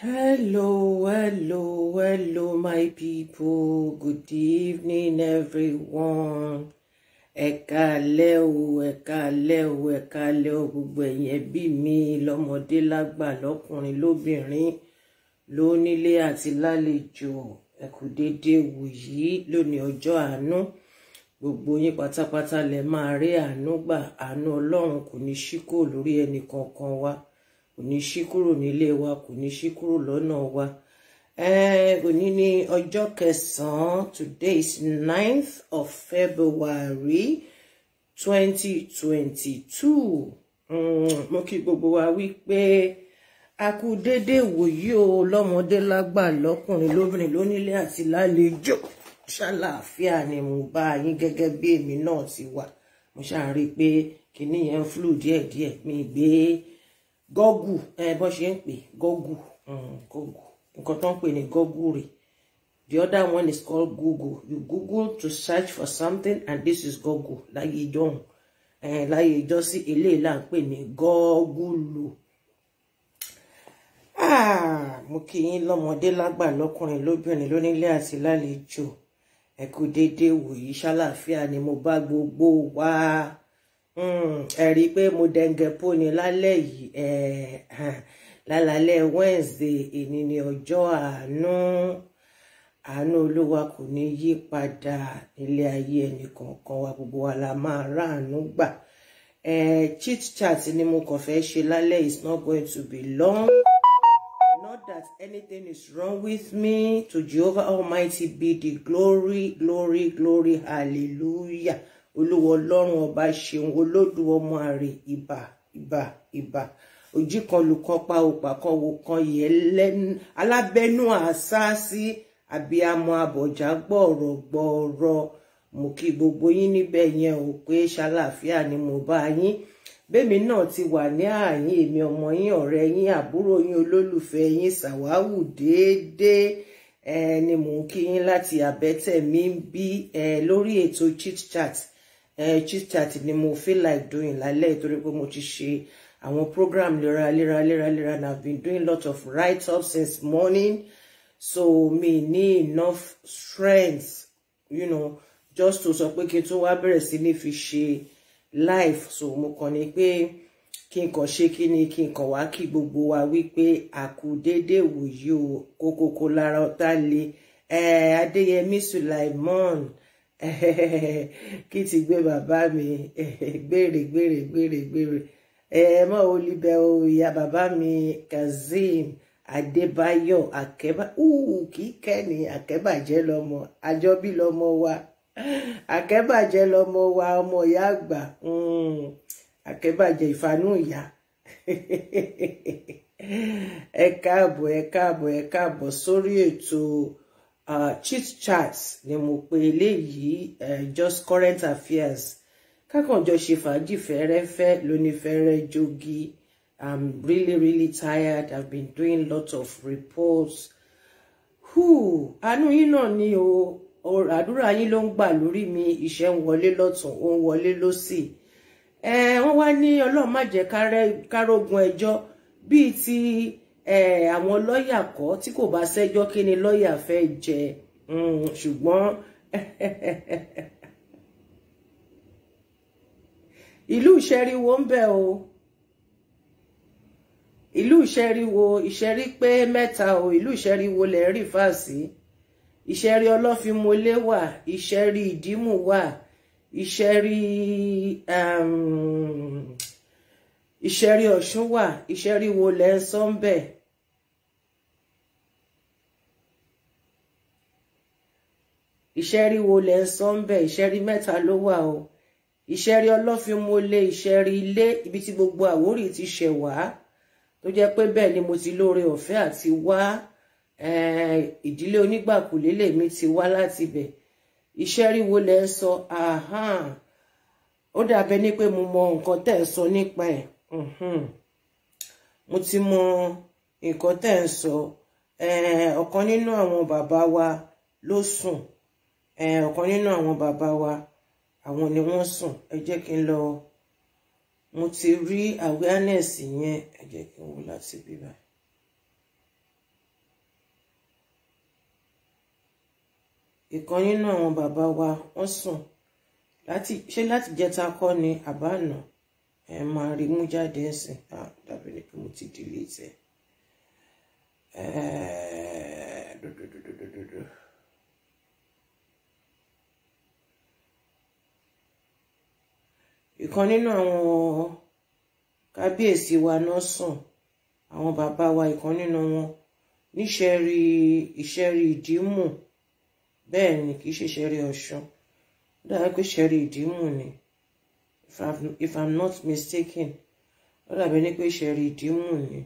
Hello, hello, hello, my people. Good evening, everyone. Eka káalẹ́ eka ẹ eka o, ẹ káalẹ́ o, gbogbo ẹ̀yin ẹbí mi lọ́mọdé lágbà lọ́kùnrin lóbìnrin lónílé àti lálejò ẹ kú déédéé wù yìí lónìí ọjọ́ àánú. Gbogbo yín pátápátá lẹ máa rí àánú gbà àánú Ọlọ́run kò ní ṣíkò lórí ẹnì kankan wa kò ní ṣí kúrò nílé wa kò ní ṣí kúrò lọ́nà wa òní ní ọjọ́ kẹsàn-án today is ninth of February twenty twenty two mm, mo kí gbogbo wa wípé a kú dédé wòyí o lọ́mọdé lágbà lọ́kùnrin lóbìnrin lónílé àti lálejò ṣàlàáfíà ni mo bá yín gẹ́gẹ́ bí èmi náà ti wà mo ṣàárí pé kìnìyẹn flu díẹ̀díẹ̀ mi gbé gọ́gù bó ṣe ń pè gọ́gù gọ́gù mm. nǹkan tó ń pè ní gọ́gù rè the other one is called google you google to search for something and this is google láyé ìjọhùn láyé ìjọ sí eléyìí là ń pè ní gọ́gùlù ah, mo kí yín lọ́mọdé lágbà lọ́kùnrin lóbìnrin lónílé àti lálejò ẹ kú déédéé wòyí ṣàlàáfíà ni mo bá gbogbo wá. Hmm, ẹ̀rí pé mo dẹ̀ǹgẹ̀ pò lálẹ́ yìí lálálẹ́ Wednesday èní ni ọjọ́ àánú àánú olúwa kò ní yí padà nílé ayé ẹnì wa gbogbo wa la máa ráàánú gbà chit chat ni mo kàn fẹ́ ṣe lálẹ́ it's not going to be long not that anything is wrong with me to Jehovah Almighty be the glory glory glory hallelujah olówó ọlọ́run ọba ṣeun olódù ọmọ àrè ìbà ìbà ìbà òjì kan lùkọ́ pa òpà kan wò kan yẹ lẹ́nu alábẹ́nú àṣáṣí abiyamọ abọ̀já gbọ̀rọ̀ gbọ̀rọ̀ mo kí gbogbo yín níbẹ̀ yẹn ò pé ṣàlàáfíà ni mo bá yín bẹ́mi náà ti wà ní ààyè èmi ọmọ yín ọ̀rẹ́ yín àbúrò yín olólùfẹ́ yín ṣàwáwù déédéé ẹ ni mò ń kí yín láti àbẹ́tẹ̀ mi ń bí ẹ lórí ètò chit chat eh, chit chat ni mo feel like doing lálẹ́ torí pé mo ti ṣe àwọn program léraléra léraléra and I've been doing lot of write ups since morning so me need enough strength you know just to sọ pé kí n tún wá bẹ̀rẹ̀ sí ní fi ṣe life so mo kàn ní pé kí n kàn ṣe kí ni kí n kàn wá kí gbogbo wa wípé àkùdédé wòyí o kókókó lára ọ̀tá le Adéyẹmí Sulaimon. kí ti gbé bàbá mi gbére gbére gbére gbére ẹ mọ olùbẹ o ìyá bàbá mi Kazeem Adébáyọ̀ Akẹ́bà uhu kì í kẹ́ni Akẹ́bà jẹ́ lọ́mọ àjọbí lọ́mọ wa Akẹ́bà jẹ́ lọ́mọ wa ọmọ ìyá àgbà hmm, Akẹ́bà jẹ́ ìfanú ìyá ẹ káàbọ̀ ẹ káàbọ̀ ẹ káàbọ̀ sórí ètò. Uh, chit chat ni mo pè eléyìí eh, just current affairs kákànjọ ṣe fàájì fẹ́rẹ́fẹ́ lónífẹ́rẹ́ jogi i'm really really tired i've been doing lots of reports àánú yín náà ni o àdúrà yín ló ń gbà lórí mi iṣẹ́ ń wọlé lọ́tún ó ń wọlé lọ́sì ẹ wọ́n wá ní ọlọ́run má jẹ́ kárógun ẹjọ́ bíi ti àwọn lọ́ọ̀yà kọ́ tí kò bá ṣẹ́jọ́ kí ni lọ́ọ̀yà fẹ́ jẹ mm, ṣùgbọ́n ìlú ìṣẹ́ríwo ń bẹ o ìlú ìṣẹ́ríwo ìṣẹ́rí pé mẹ́ta o ìlú ìṣẹ́ríwo lẹ̀ rí fàásì ìṣẹ́rí ọlọ́fimolé wà ìṣẹ́rí ìdímù wà ìṣẹ́rí um, ìṣẹ́rí ọ̀ṣun wà ìṣẹ́rí wo lẹ́ ń sọ ń bẹ̀. ìṣẹ́rí wo lẹ́ ń sọ ń bẹ̀ ìṣẹ́rí mẹ́ta ló wà o ìṣẹ́rí ọlọ́fínmólé ìṣẹ́rí ilé ibi tí gbogbo àwórì ti ṣẹ̀ wá tó jẹ́ pé bẹ́ẹ̀ ni mo ti lóore ọ̀fẹ́ àti wá ìdílé onígbàkúlé lèmi ti wá láti bẹ̀ ìṣẹ́rí wo lẹ́ ń sọ ó dàbẹ́ ní pé mo mọ nǹkan tẹ̀ ń sọ nípa ẹ̀ mo ti mọ nǹkan tẹ́ ń sọ ọ̀kan nínú àwọn bàbá wa ló sùn ọ̀kan nínú àwọn bàbá wa àwọn ni wọ́n sùn ẹ jẹ́ kí n lọ mo ti rí awareness yẹn ẹ jẹ́ kí n wò láti bíbá. ìkan nínú àwọn bàbá wa wọ́n sùn láti ṣé láti jẹta kọ́ ni àbá náà ẹ máa rí mú jáde ẹsìn dàbí ni pé mo ti delete ẹ dodododododo. ìkan nínú àwọn kábíyèsí wa náà sùn àwọn bàbá wa ìkan nínú wọn níṣẹ́rí ìṣẹ́rí ìdímù bẹ́ẹ̀ ni kì í ṣe ṣẹ́rí ọ̀ṣun dáa pé ṣẹ́rí ìdímù ni if I'm, if I'm not mistaken ó dàbí ẹni pé ṣẹ̀rí ìdímù ni.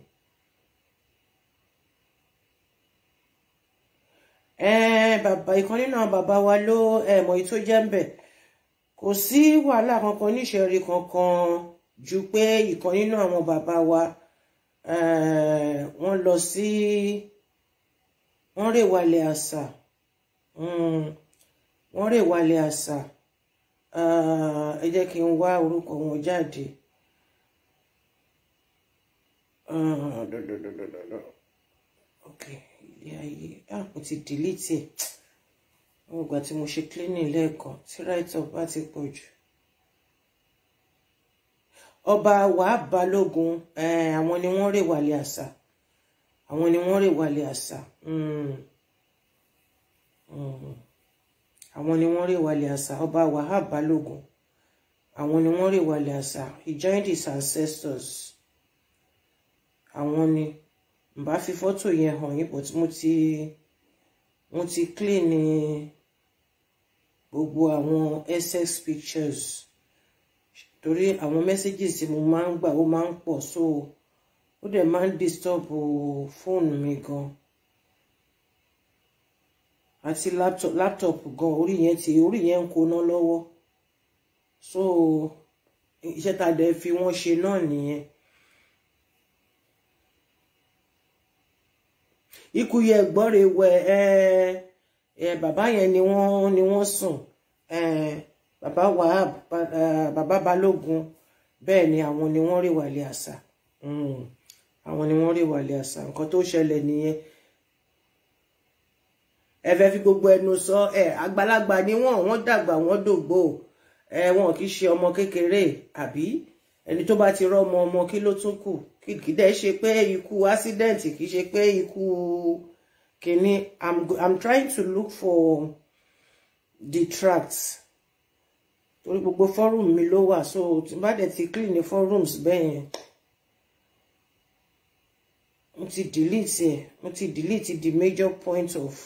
bàbá ìkan nínú bàbá wa ló mọ̀ èyí tó jẹ́ ń bẹ̀ kò sí wàhálà kankan níṣẹ̀rí kankan ju pé ìkan nínú àwọn bàbá wa wọ́n lọ sí wọ́n rè wálé àṣà hmm, wọ́n rè wálé àṣà. Ah, ẹ jẹ́ kí n wá orúkọ wọn jáde ah, ok ilé ayé ah mo ti delete wọn ìgbà tí mo ṣe cleaning lẹ́ẹ̀kan tí right up bá ti pọ̀ jù ọba wàá balógun eh, àwọn ni wọ́n rè wálé àṣà àwọn ni wọ́n rè wálé àṣà. Mm. Mm àwọn ni wọ́n rè wálé àṣà ọba Wahab Balógun àwọn ni wọ́n rè wálé àṣà he joined his ancestors àwọn ni n bá fi fọ́tò yẹn hàn yín but mo ti mo ti clean ní gbogbo àwọn SS pictures torí àwọn messages tí mo máa ń gbà ó máa ń pọ̀ so ó dẹ̀ máa ń disturb fóònù mi gan-an àti laptop gan orí yẹn ti orí yẹn ń koná lọ́wọ́ so iṣẹ́ tá a dẹ̀ fi wọ́n ṣe náà nìyẹn. ikú yẹ gbọ́re wẹ ẹ ẹ bàbá yẹn ni wọ́n ni wọ́n sùn ẹ bàbá Wahab bàbá Balógun bẹ́ẹ̀ ni àwọn ni wọ́n rí Wali Asa hmm, àwọn ni wọ́n rí Wali Asa nǹkan tó ṣẹlẹ̀ nìyẹn ẹ fi gbogbo ẹnu sọ ẹ àgbàlagbà ni wọ́n wọ́n dàgbà wọ́n dògbò ẹ wọn kì í ṣe ọmọ kékeré àbí ẹni tó bá ti rọmọ ọmọ kí ló tún kù kì í ṣe pé ikú accident kì í ṣe pé ikú kìíní i'm i'm trying to look for the tracts torí gbogbo forum mi ló wà so tí n bá dẹ̀ ti clean ní forums bẹ́ẹ̀ yẹn mo ti delete ẹ̀ mo ti delete the major point of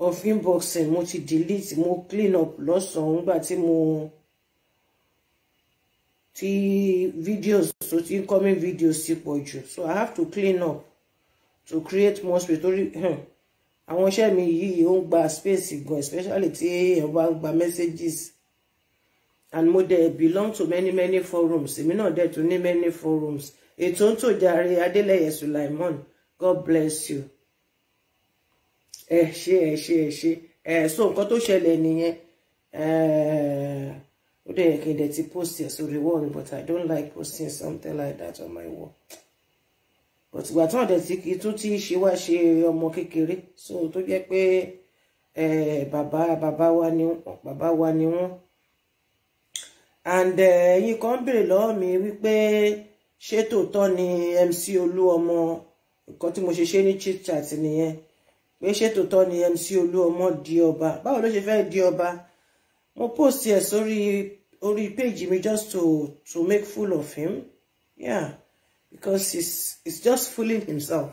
of inboxing mo ti delete mo clean up lọ́sàn-án nígbà tí mo ti videos so ti incoming videos ti pọ̀ jù so I have to clean up to create more space torí hmm, àwọn iṣẹ́ mi yìí ó ń gba space gan especially tí èèyàn bá ń gba messages and mo dẹ̀ belong to many many forums èmi náà dẹ̀ to ní many forums ètò ń tò jàre Adélẹ́yẹ Sulaimon God bless you ẹ ṣe ẹ ṣe ẹ so nǹkan tó ṣẹlẹ̀ nìyẹn ó dẹ̀ kí n dẹ̀ ti post ẹ̀ sórí wall mi but I don't like posting something like that on my wall but ìgbà tí wọ́n dẹ̀ ti kí tó ti ṣe wá ṣe ọmọ kékeré so tó jẹ́ pé bàbá bàbá wa ni bàbá wa ni wọ́n and ẹ̀yin kan béèrè lọ́wọ́ mi wípé ṣé tòótọ́ ni MC Olúọmọ nǹkan tí mo ṣe ṣe ní chit chat nìyẹn pé ṣé tòótọ́ ni MC Olúọmọ di ọba báwo ló ṣe fẹ́ di ọba mo post ẹ̀ sórí orí page mi just to to make full of him yeah because he's he's just fooling himself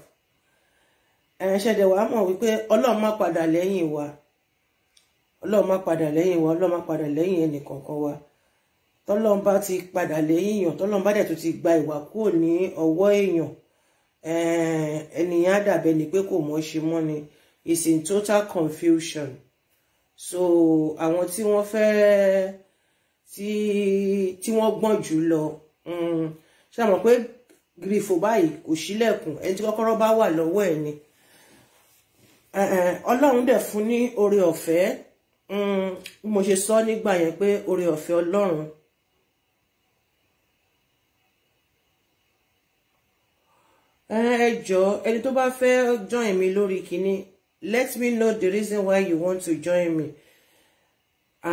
ṣẹ̀dẹ̀ wàá mọ̀ wípé ọlọ́run má padà lẹ́yìn wa ọlọ́run má padà lẹ́yìn wa ọlọ́run má padà lẹ́yìn ẹnì kọ̀ọ̀kan wa tọ́lọ́run bá ti padà lẹ́yìn èèyàn tọ́lọ́run bá dẹ̀ tó ti gba ìwà kúrò ní ọwọ́ èèyàn ènìyàn eh, dàbẹ̀ ni pé kò mọ̀ ṣe mọ́ ni is in total confusion so àwọn tí wọ́n fẹ́ tí tí wọ́n gbọ́n jù lọ mm, ṣe mọ̀ pé grifo báyìí kò ṣílẹ̀kùn ẹni tí kọ́kọ́rọ́ bá wà lọ́wọ́ ẹ̀ ni eh, eh, ọlọ́run dẹ̀ fún ní oore ọ̀fẹ́ mm, mo ṣe sọ nígbà yẹn pé oore ọ̀fẹ́ ọlọ́run Eh, ẹ jọ̀ọ́ ẹni tó bá fẹ́ join me, lórí kínní let me know the reason why you want to join me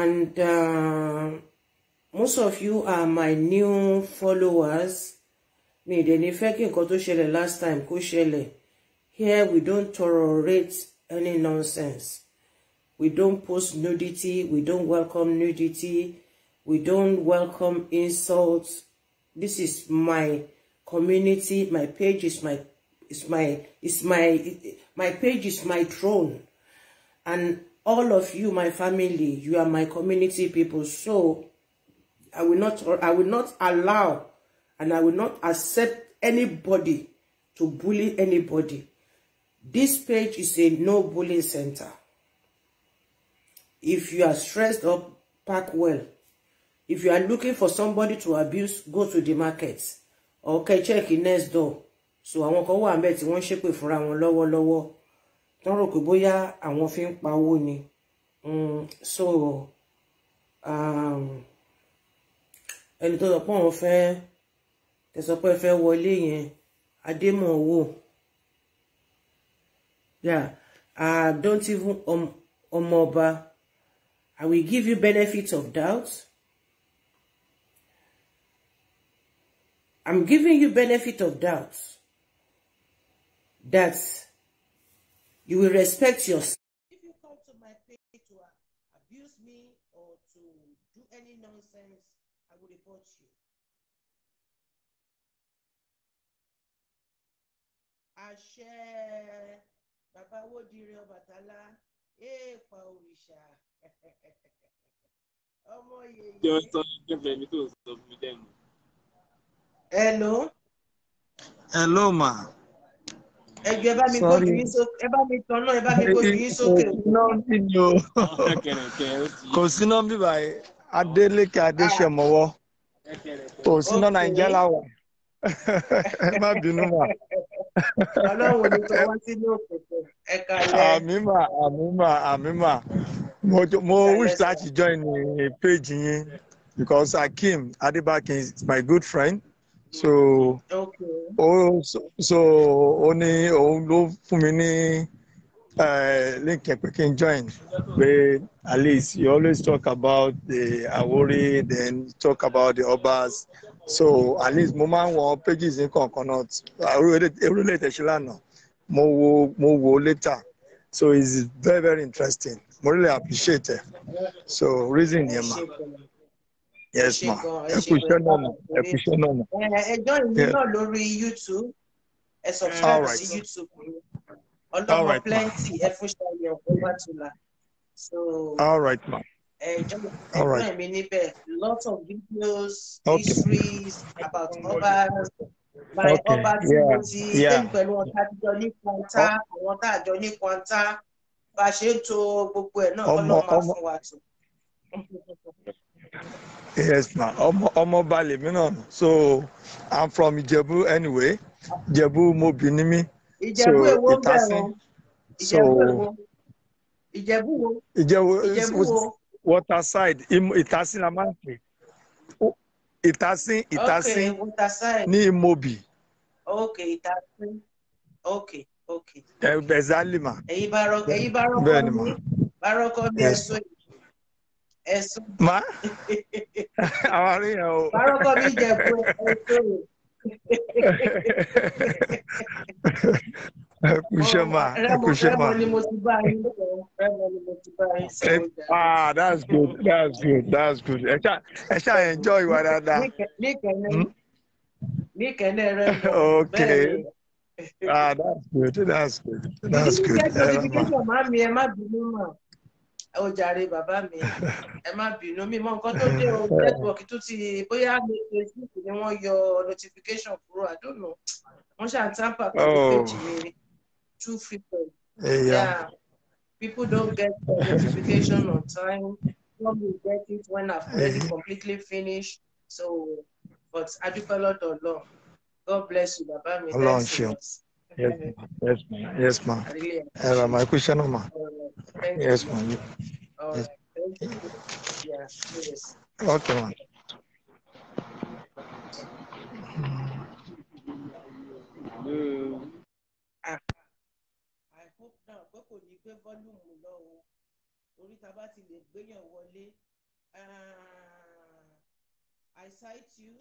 and uh, most of you are my new followers mi ì dẹ̀ ní fẹ́ kí nǹkan tó ṣẹlẹ̀ last time kó ṣẹlẹ̀ here we don't tolerate any nonsense we don't post nudity we don't welcome nudity we don't welcome insults this is my community. My page is my is my is my my page is my throne. And all of you, my family, you are my community people. So I will not I will not allow and I will not accept anybody to bully anybody. This page is a no bullying center. If you are stressed up, pack well. If you are looking for somebody to abuse, go to the markets ọkẹ chẹẹkì next door so àwọn kan wà ń bẹ tí wọ́n ń ṣépè fúnra wọn lọ́wọ́lọ́wọ́ tó ń rò pé bóyá àwọn fi ń pa owó ni mm, so um, ẹni tó sọ pé òun fẹ́ tẹsọ pé fẹ́ wọlé yẹn adémọwò yeah i don't even um, ọmọ ọba i will give you benefit of doubt. I'm giving you benefit of doubt that you will respect yourself. If you come to my page to abuse me or to do any nonsense, I will report you. àṣẹ bàbá wòdìrẹ ọbàtálá èèpà eh, òrìṣà ọmọ yèyé. kí wọ́n sọ nípa ẹni tó sọ fún mi lẹ́nu hello. hello ma. ẹ jọ̀ọ́ ẹ bá mi gbójú yín sókè ẹ bá mi tán náà ẹ bá mi gbójú yín sókè. kò sí nọ́ọ̀bì ni o kò sí nọ́ọ̀bì báyìí Adélékè Adéṣemọwọ́ ah. kò sí nọ́ọ̀ Nàìjíríà làwọn ẹ má bínú mà. ọlọ́run ní tó wá àmì mà àmì mà àmì mà mo wish láti join page yín because Akeem Adebakin is my good friend so ó so ó ní òun ló fún mi ní link pé kí n join pé at least you always talk about the Awori then talk about the Obas so at least mo máa ń wọ pages ní kọ̀ọ̀kan náà orílẹ̀ èdè ṣe lánàá mo wo mo wo later so it's very very interesting mo really appreciate it so reason yẹn ma. yes ma ẹ kú iṣẹ́ náà eh, eh, ma ẹ kú iṣẹ́ náà youtube subscribe sí youtube ọlọ́mọ plenty ẹ fún all right lots of videos histories about obas by okay. ọba timothy same pẹ̀lú ọ̀tá àjọ ní kwanta oh. àwọn ọ̀tá àjọ ní kwanta bá to gbogbo ẹ̀ No, no, fún wa tó. yes ma ọmọ ọmọ balẹ̀ mi náà so i'm from Ìjẹ̀bú anyway Ìjẹ̀bú mo bì ní mi so ìtasín so Ìjẹ̀bú wo Ìjẹ̀bú wo water side ìtasín la máa ń pè ìtasín ìtasín ní Imobi. ok ìtasín ok ok. ẹ bẹ̀ zálì ma. èyí bá rọkọ èyí bá rọkọ mi bá rọkọ mi ẹ sọ yìí ẹ̀sùn. má àwọn àríyàn o. bárọ́kọ mi jẹ fún ẹ̀sùn. ẹ kú iṣẹ́ ma ẹ kú iṣẹ́ ma. rẹ́mọ ni mo ti bá yín sọ̀rọ̀ rẹ́mọ ni mo ti bá yín sọ̀rọ̀. ah that's good that's good that's good ẹ ṣá ẹ ṣá enjoy wa dáadáa. ní kẹ́lẹ́ ní hmm? kẹ́lẹ́ rẹ. okay ah that's good that's good that's good. ṣé kí ṣe kí ṣe máa mi ẹ má bínú mọ́. ó jàre bàbá mi ẹ má bínú mi mọ nǹkan tó dé o nẹ́tíwọ̀kì tó ti bóyá ní facebook ni wọ́n yọ notification kúrò I don't know wọ́n ṣáà tamper pẹ̀lú oh. page mi two people yeah. yeah people don't get the notification on time some will get it when I've eh. already completely finished so but adúpẹ́ lọ́dọ̀ Ọlọ́run God bless you bàbá mi. Ọlọ́run ṣeun. Yes, ma. Yes, ma. Yes, ma. Really uh, my question, ma. Thank yes, ma. Yes. Right. Yes. Yeah, yes. Okay, ma. Mm. I hope now pé kò ní gbé volume lọ o orí ta bá ti lè gbéyàn I cite you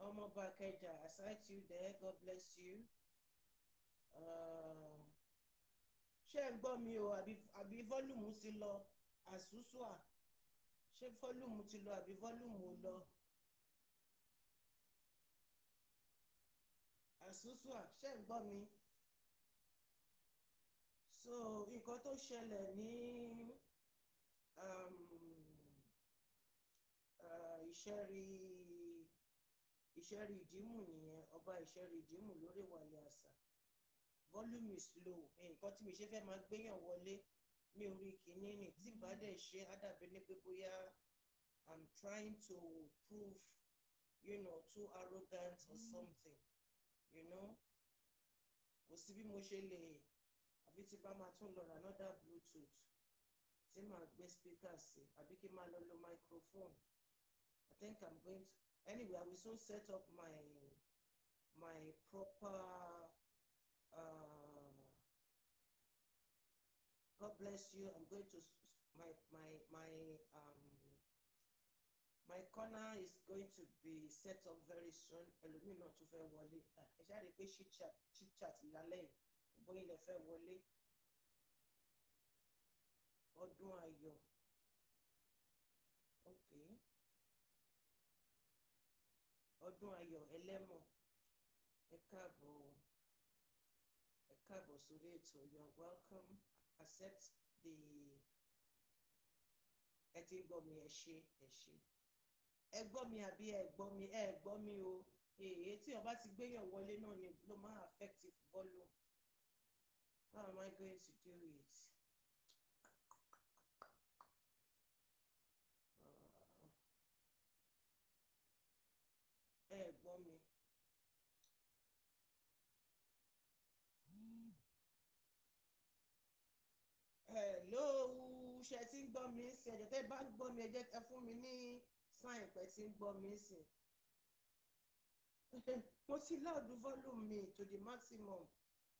Oh ọmọ Bakeja I cite you there God bless you ṣé ẹ gbọ́ mi o àbí fọ́lùmù ti lọ àsúsùà ṣé fọ́lùmù ti lọ àbí fọ́lùmù ò lọ. àsúsùà ṣé ẹ gbọ́ mi. so nǹkan tó ṣẹlẹ̀ ní um, uh, ìṣẹ́rí ìṣẹ́rí ìdímù nìyẹn ọba ìṣẹ́rí ìdímù lórí ìwàlẹ̀ àṣà volume is low nǹkan tí mi ṣe fẹ́ máa gbéyàn wọlé mi ò rí kìíní ni tí bá dẹ̀ ṣe á ní pé bóyá i'm trying to prove you know too arrogant or mm. something you know kò sí bí mo ṣe lè àbí tí bá máa tún lọ ra another bluetooth tí màá gbé speaker sí àbí kí n máa lọ lo microphone i think i'm going to anyway i will soon set up my my proper. Uh, God bless you. I'm going to my my my um my corner is going to be set up very soon. Ẹlòmíì náà to fẹ́ wọlé. Ah, ẹ ṣáà rí i pé chit chat lálẹ́ yìí. Bóyá ilẹ̀ fẹ́ do I ayọ̀. Okay. Ọdún ayọ̀ ẹlẹ́mọ̀. Ẹ káàbọ̀. Ẹ káàbọ̀ sórí ètò. You welcome accept the ẹ ti ń gbọ́ mi ẹ ṣe ẹ ṣe ẹ gbọ́ mi àbí ẹ gbọ́ mi ẹ gbọ́ mi o èyí tí ọba ti gbéyàn wọlé náà ni ló máa affect volume how am I going to do it? ṣe ti ń gbọ́ mi sí ẹ̀jẹ̀ tẹ́ bá ń gbọ́ mi ẹ̀jẹ̀ ẹ fún mi ní sáìn pẹ̀ tí ń gbọ́ mi sí. mo ti láòdù volume mi to the maximum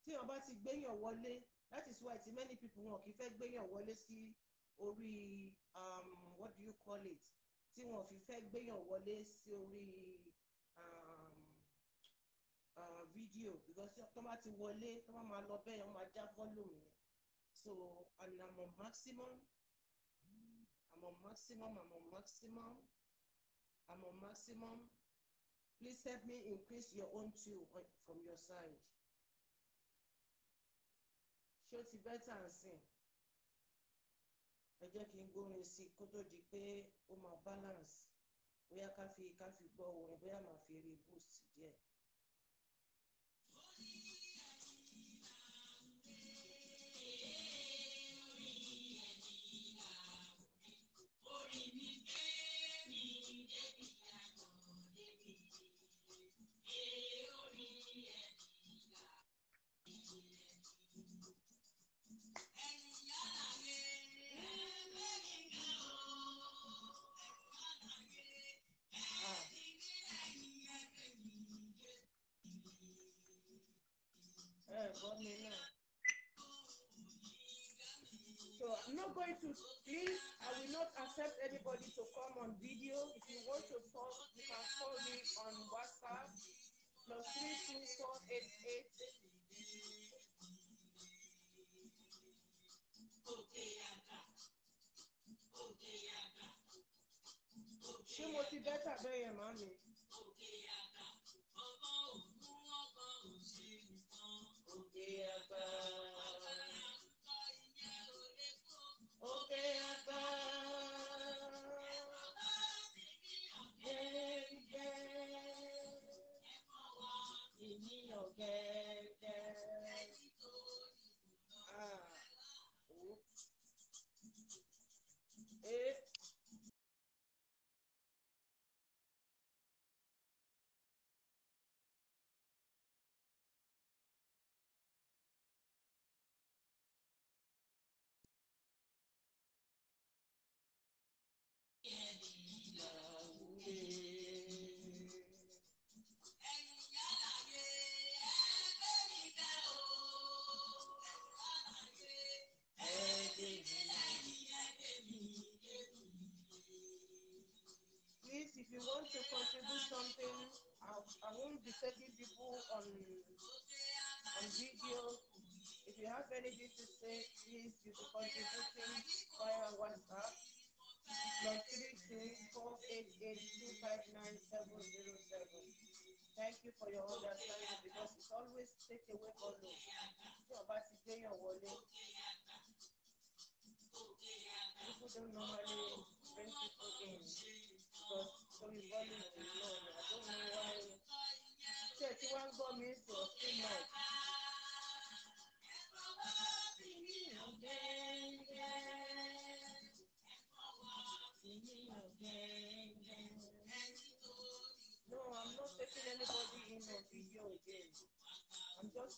tí wọn bá ti gbéyàn wọlé that is why ti many people wọn kì í fẹ́ gbéyàn wọlé sí orí um, what do you call it tí wọn fi fẹ́ gbéyàn wọlé sí orí um, uh, video because tó bá ti wọlé tó bá máa lọ bẹ́ẹ̀ wọ́n máa já volume yẹn. So, and I'm on maximum. I'm on maximum. I'm on maximum. I'm on maximum. Please help me increase your own too from your side. Ṣé o ti bẹ́tà ń sìn? Ẹ jẹ́ kí n gbórin sí kó tó di pé ó máa balance. Bóyá ká fi ká fi gbọ́ orin, bóyá màá fi rí boost díẹ̀. Yeah. me now. So I'm not going to, please, I will not accept anybody to come on video. If you want to talk, you can call me on WhatsApp, plus 32488. ṣé mo ti bẹ́tà bẹ́yẹn màmí? you to contribute via WhatsApp Thank you for your understanding because it's always take away from you ti dé yàn wọlé. People don't normally bring people in because so we volume is know. I don't know why. Ṣé tí wọ́n gbọ́ mi sọ sí náà?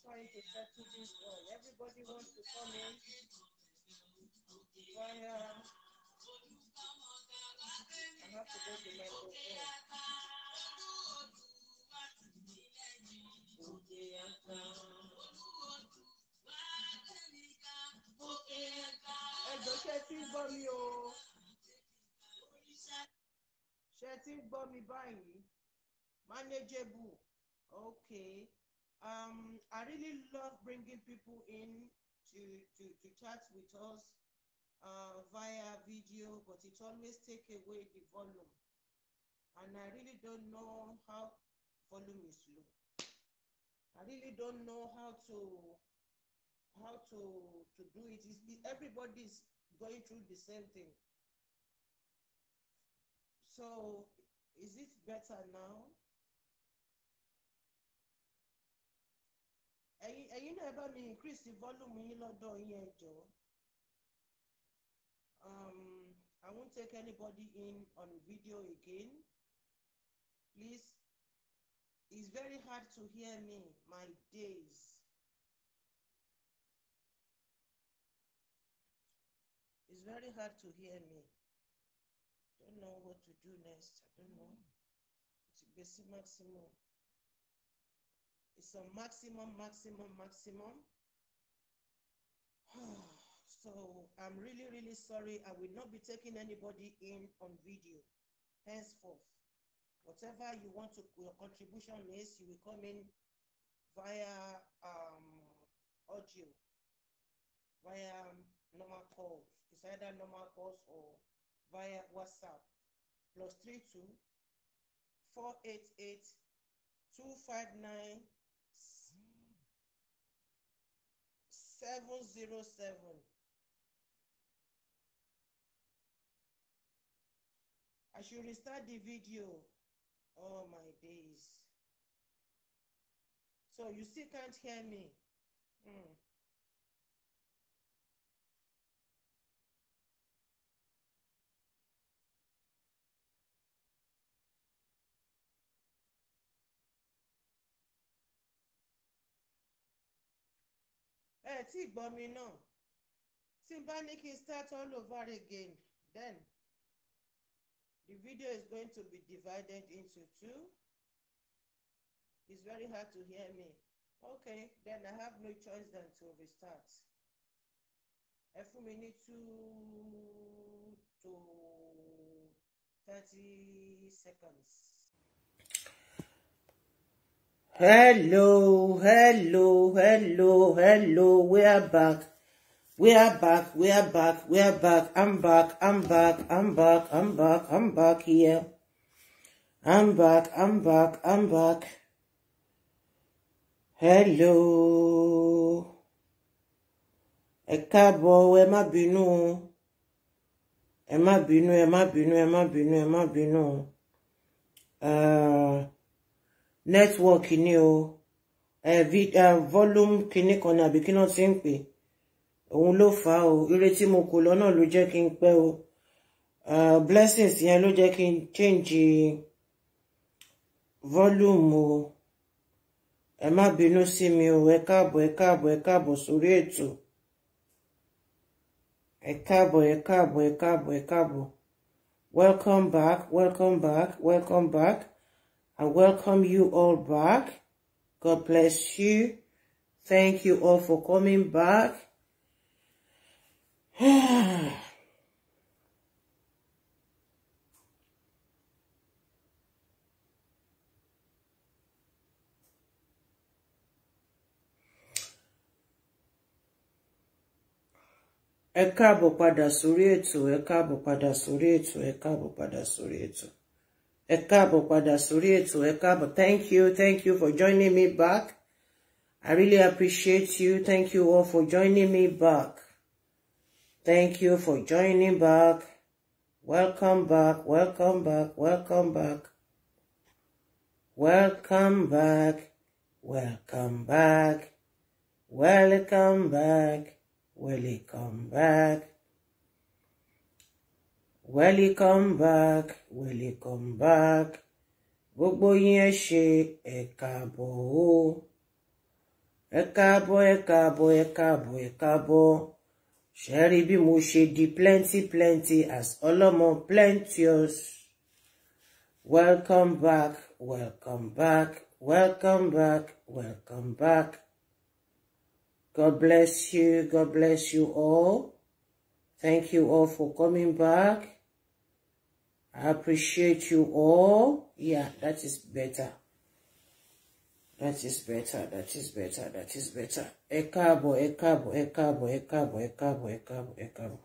trying to settle this one. Everybody wants to come in via. I have to go to my Ẹjọ́ ṣe ti gbọ́ mi o. Ṣe ti ń gbọ́ mi báyìí. Manageable. Okay. Um, I really love bringing people in to, to, to chat with us uh, via video, but it always take away the volume. And I really don't know how volume is low. I really don't know how to how to to do it. It's, everybody's going through the same thing. So is it better now? ẹ̀yin ẹ̀yin náà bá mi increase volume yín lọ́dọ̀ yín ẹ Um, I won't take anybody in on video again. Please, it's very hard to hear me, my days. It's very hard to hear me. Don't know what to do next. I don't know. To be maximum. It's a maximum, maximum, maximum. so I'm really, really sorry. I will not be taking anybody in on video henceforth. Whatever you want to, your contribution is, you will come in via um, audio, via normal calls. It's either normal calls or via WhatsApp. Plus 32 488 259 seven zero seven. I should restart the video. Oh my days. So you still can't hear me. Mm. ẹ tí ì gbọ́ mi náà tí n bá ní kí n start all over again then the video is going to be divided into two it's very hard to hear me okay then I have no choice than to restart ẹ fún mi ní two to thirty seconds. Hello, hello, hello, hello. We are back. We are back. We are back. We are back. I'm back. I'm back. I'm back. I'm back. I'm back here. I'm back. I'm back. I'm back. Hello. Ẹ cabo ẹ má bínú. Ẹ má bínú, ẹ má bínú, ẹ má bínú, ẹ má bínú. Uh network ni o volume kinní kan ní àbí kí náà ti ń pè òun ló fà á o ire tí mo kò lọ́nà ló jẹ́ kí n pẹ́ o blessings yẹn ló jẹ́ kí n change volume o ẹ má bínú sí mi o ẹ káàbọ̀ ẹ káàbọ̀ ẹ káàbọ̀ sórí ètò ẹ káàbọ̀ ẹ káàbọ̀ ẹ káàbọ̀ ẹ káàbọ̀ welcome back welcome back welcome back. I welcome you all back. God bless you. Thank you all for coming back. ẹ káàbọ̀ padà sórí ètò ẹ padà sórí ètò ẹ padà sórí ẹ káàbọ̀ padà sórí ètò ẹ káàbọ̀ thank you thank you for joining me back i really appreciate you thank you all for joining me back thank you for joining back welcome back welcome back welcome back welcome back welcome back welcome back welcome back welcome back come back gbogbo yín ẹ ṣe ẹ káàbọ̀ o ẹ káàbọ̀ ẹ káàbọ̀ ẹ káàbọ̀ ẹ káàbọ̀ ṣe rí bí mo ṣe di plenty plenty as ọlọ́mọ plenteous welcome back welcome back welcome back welcome back god bless you god bless you all thank you all for coming back I appreciate you all. Yeah, that is better. That is better. That is better. That is better. Ẹ káàbọ̀, ẹ káàbọ̀, ẹ káàbọ̀, ẹ káàbọ̀, ẹ káàbọ̀, ẹ káàbọ̀, ẹ káàbọ̀.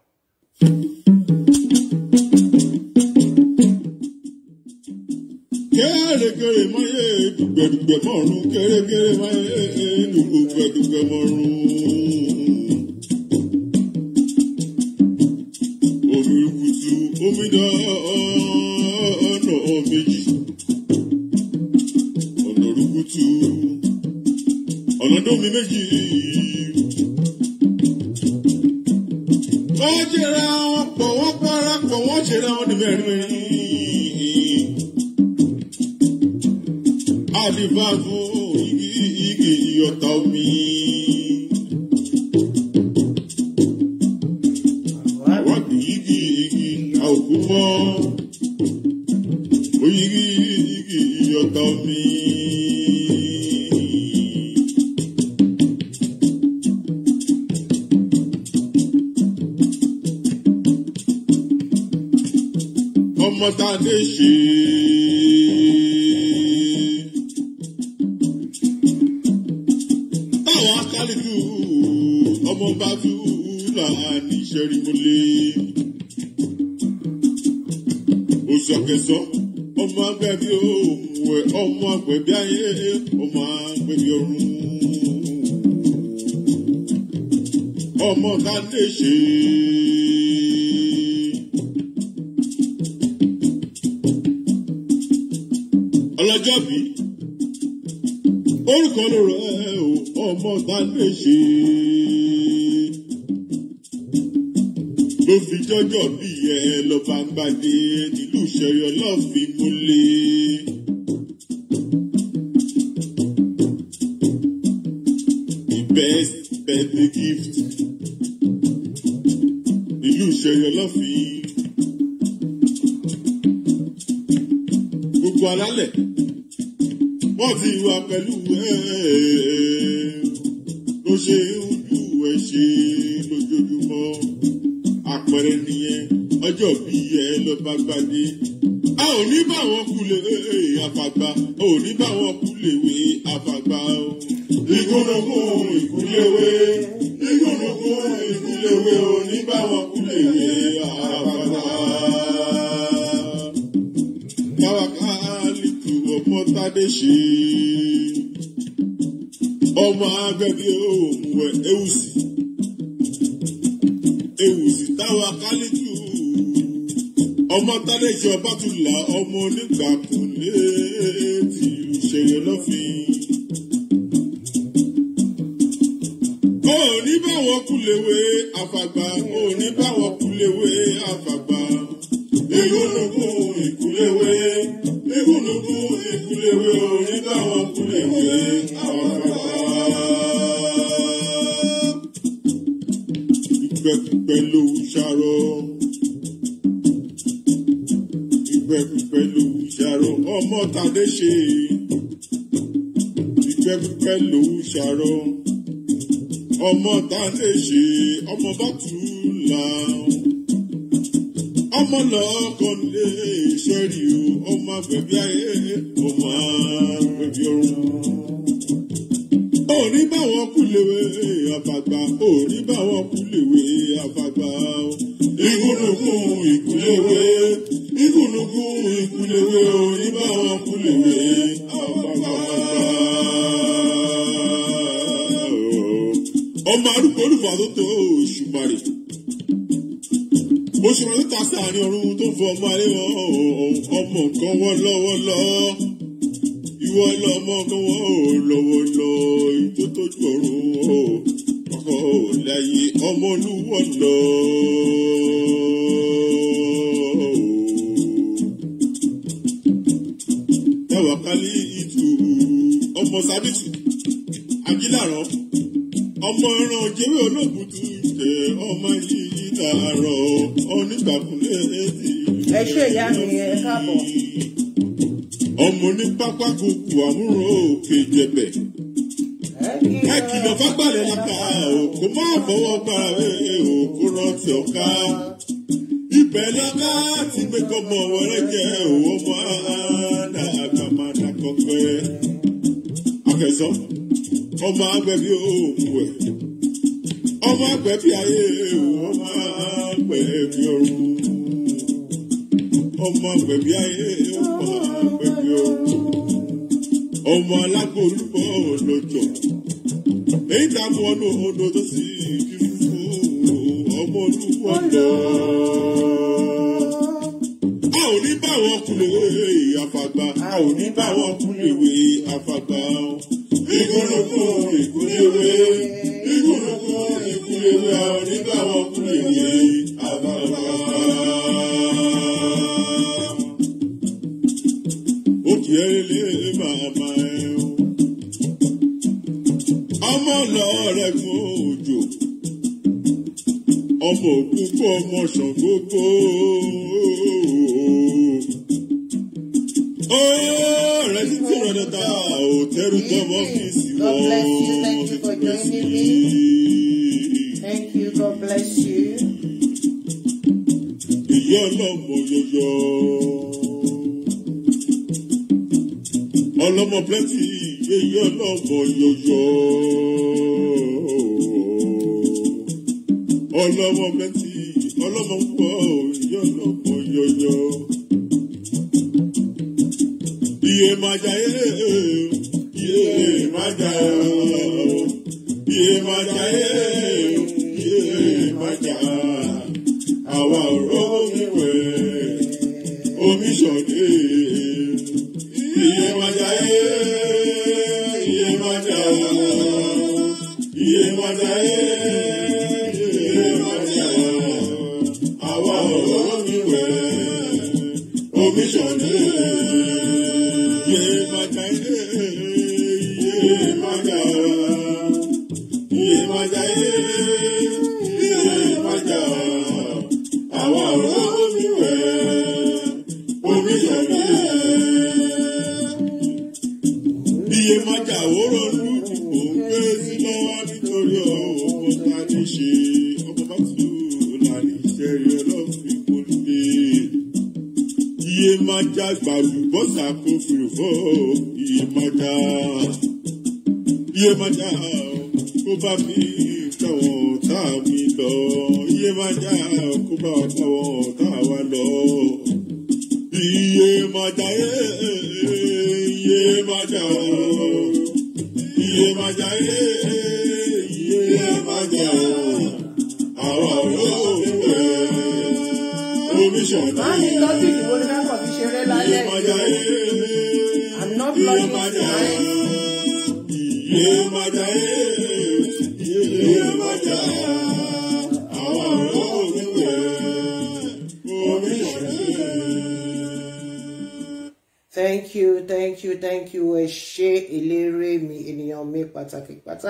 wọ́n jẹ́ra wọn pọ̀ wọ́n para pọ̀ wọ́n jẹ́ra wọn ní mẹ́rin. àdìbàbò igi igi ìyọ̀tà omi. ọmọ dáńdé ṣe ọmọ bá tù ú là ọmọ lọ́kàn lè ṣẹ́rí o ọmọ àgbẹ̀bí ayé ọmọ àgbẹ̀bí ọ̀run. orí báwọn kúlèwé àfàgbà orí báwọn kúlèwé àfàgbà ìgúnnugún ìkúlèwé ìgúnnugún ìkúlèwé orí báwọn kúlèwé. olúwa tó tó Òṣùmàrè Òṣùmàrè tó ta sí àárín ọ̀run tó fọ ọmọ alẹ́ ọmọ kan wọ́n lọ́wọ́lọ́wọ́ ìwọ lọ́mọ kan wọ́n lọ́wọ́lọ́wọ́ tó tójú ọ̀run ọkọ̀ láyé ọmọ olúwọ̀ lọ́ọ́. ẹwà kálí ìtù ọmọ sábìtì àbílàrọ ọmọ ẹran òjèrè olóògùn ti ṣe ọmọ yíyí tààrọ onígbàkúnlé èdè. ẹ ṣe ìyá mi ẹ káàbọ̀. ọmọ ní pápákọ̀ọ̀kù àmúrò òkè jẹbẹ. ẹ kìlọ̀ fágbàlẹ̀ lápá òkú máa fọwọ́ gbà rẹ̀ òkú rántí ọ̀ká. ibẹ̀ lọ́ká ti gbé kọ́mọ wẹ́rẹ́jẹ òwò máa dàgbà máa dàkọ́pẹ́. akẹ́sọ́ ọmọ agbẹ̀bí òògùn ẹ̀ ọmọ agbẹ̀bí ayé ọmọ agbẹ̀bí ọ̀run ọmọ agbẹ̀bí ayé ọmọ agbẹ̀bí ọ̀run ọmọ alágbòlúbọ̀ ọ̀dọ̀jọ̀ èyí tá a mú ọ̀nà ọ̀dọ̀ tó sì fífú ọmọ olúwọ̀ ọ̀dọ̀. a ò ní báwọn kúlèwé àfàgbà a ò ní báwọn kúlèwé àfàgbà o. ìkúnukú ìkúléwé gonna onígbàwọ̀.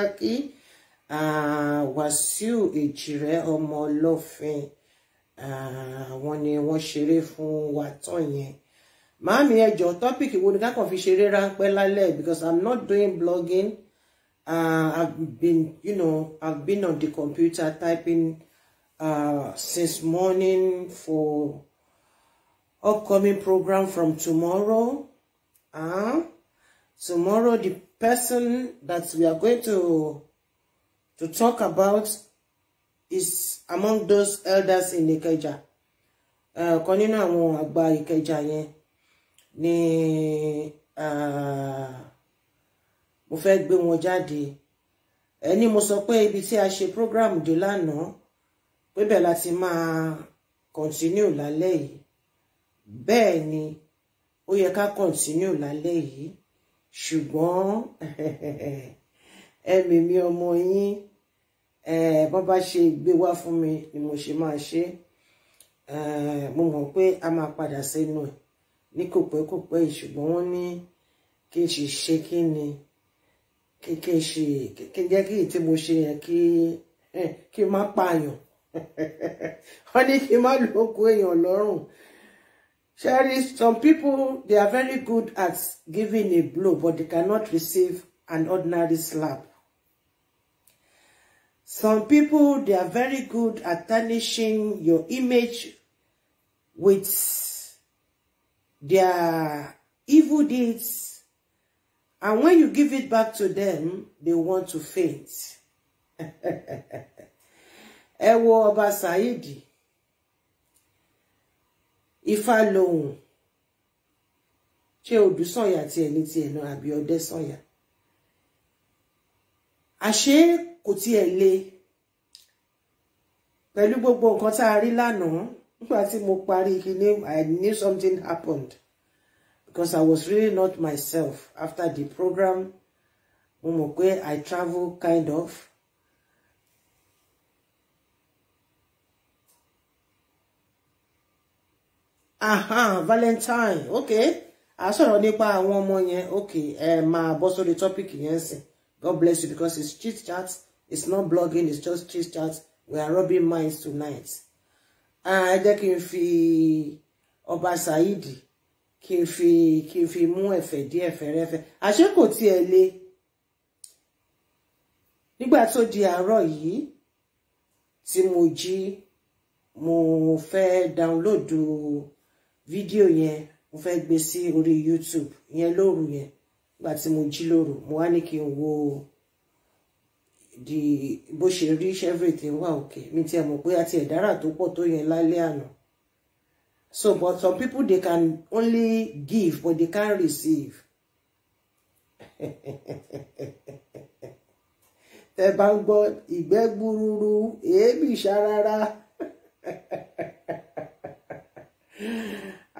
Sàràkí Wàsíù Èjìrẹ́ ọmọ Ọlọ́fin àwọn ni wọ́n ṣeré fún wa tán yẹn màámi ẹjọ tọpíkì wo ni kákan fi ṣeré ráńpẹ́ lálẹ́ because i'm not doing blogging uh, i've been you know i've been on the computer typing uh, since morning for upcoming program from tomorrow uh, tomorrow the person that we are going to to talk about is among those elders in Ìkẹjà uh, ọ̀kan nínú àwọn àgbà Ìkẹjà yẹn ni uh, mo fẹ́ gbé wọn jáde ẹni mo sọ pé ibi tí a ṣe program dé lánàá pé bẹ́ẹ̀ láti máa continue lálẹ́ yìí bẹ́ẹ̀ ni ó yẹ ká continue lálẹ́ yìí ṣùgbọ́n ẹ̀mí mi ọmọ yín bọ́n bá ṣe gbé wá fún mi ni mo ṣe máa ṣe mo mọ̀ pé a máa padà sẹ́nu ẹ̀ ní kò pẹ́ kò pẹ́ ṣùgbọ́n wọ́n ní kí n ṣe ṣe kí ni kí n ṣe kí n jẹ́ kí tí mo ṣe yẹn kí kí n má pààyàn wọ́n ní kí n má lóko èèyàn lọ́rùn Sherry, some people, they are very good at giving a blow, but they cannot receive an ordinary slap. Some people, they are very good at tarnishing your image with their evil deeds. And when you give it back to them, they want to faint. Ewo wo Saidi ifá lohùn ṣé odù sànyà tiẹ̀ ní tiẹ̀ náà àbí ọdẹ sànyà àṣé kò tiẹ̀ le pẹ̀lú gbogbo nǹkan tá a rí lánàá nígbà tí mo parí kíní I knew something happened because I was really not myself after the program mo mọ̀ pé I travel kind of aha valentine okay a sọ̀rọ̀ nípa àwọn ọmọ yẹn okay ẹ máa bọ́ sórí topic yẹn sìn god bless you because it's chit chat it's not blogging it's just chit chat we are rubbing minds tonight ẹ jẹ́ kí n fi ọba saidi kí n fi kí n fi mú ẹ̀fẹ̀ díẹ̀ fẹ́rẹ́fẹ́ àṣé kò tiẹ̀ le nígbà tó di àárọ̀ yìí tí mo jí mo fẹ́ download Video yẹn mo fẹ́ gbé sí orí YouTube yẹn lóru yẹn nígbà tí mo jí lóru mo wá ní kí n wo di bó ṣe rí everything wà òkè mi tiẹ̀ mọ̀ pé àti ẹ̀dára tó pọ̀ tó yẹn lálẹ́ àná so but some people they can only give but they can't receive tẹ bá ń gbọ́ ìgbẹ́ gbururu èébì ṣarara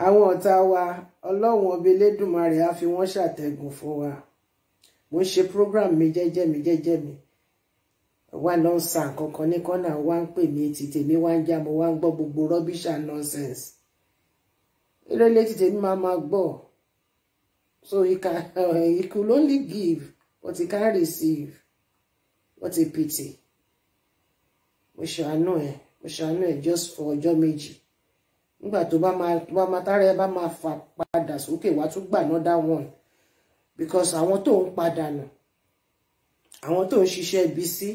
àwọn ọ̀tá wa ọlọ́run ọba elédùnmarè á fi wọ́n ṣàtẹ̀gùn fún wa mo ń ṣe program mi jẹ́jẹ́ mi jẹ́jẹ́ mi wà lọ ń sa nǹkan kan ní kọ́nà wá ń pè mí etí tèmi wá ń já mo wá ń gbọ́ gbogbo rubbish and nonsense eré létí tèmi máa máa gbọ́ so he can uh, he could only give what he can receive what a pity mo ṣàánú ẹ mo ṣàánú ẹ just for ọjọ́ méjì nígbà tó bá máa bá máa tára ẹ bá máa fà padà sókè wá tún gbà náà dá wọn because àwọn tó ń padà nù àwọn tó ń ṣiṣẹ́ ibi sí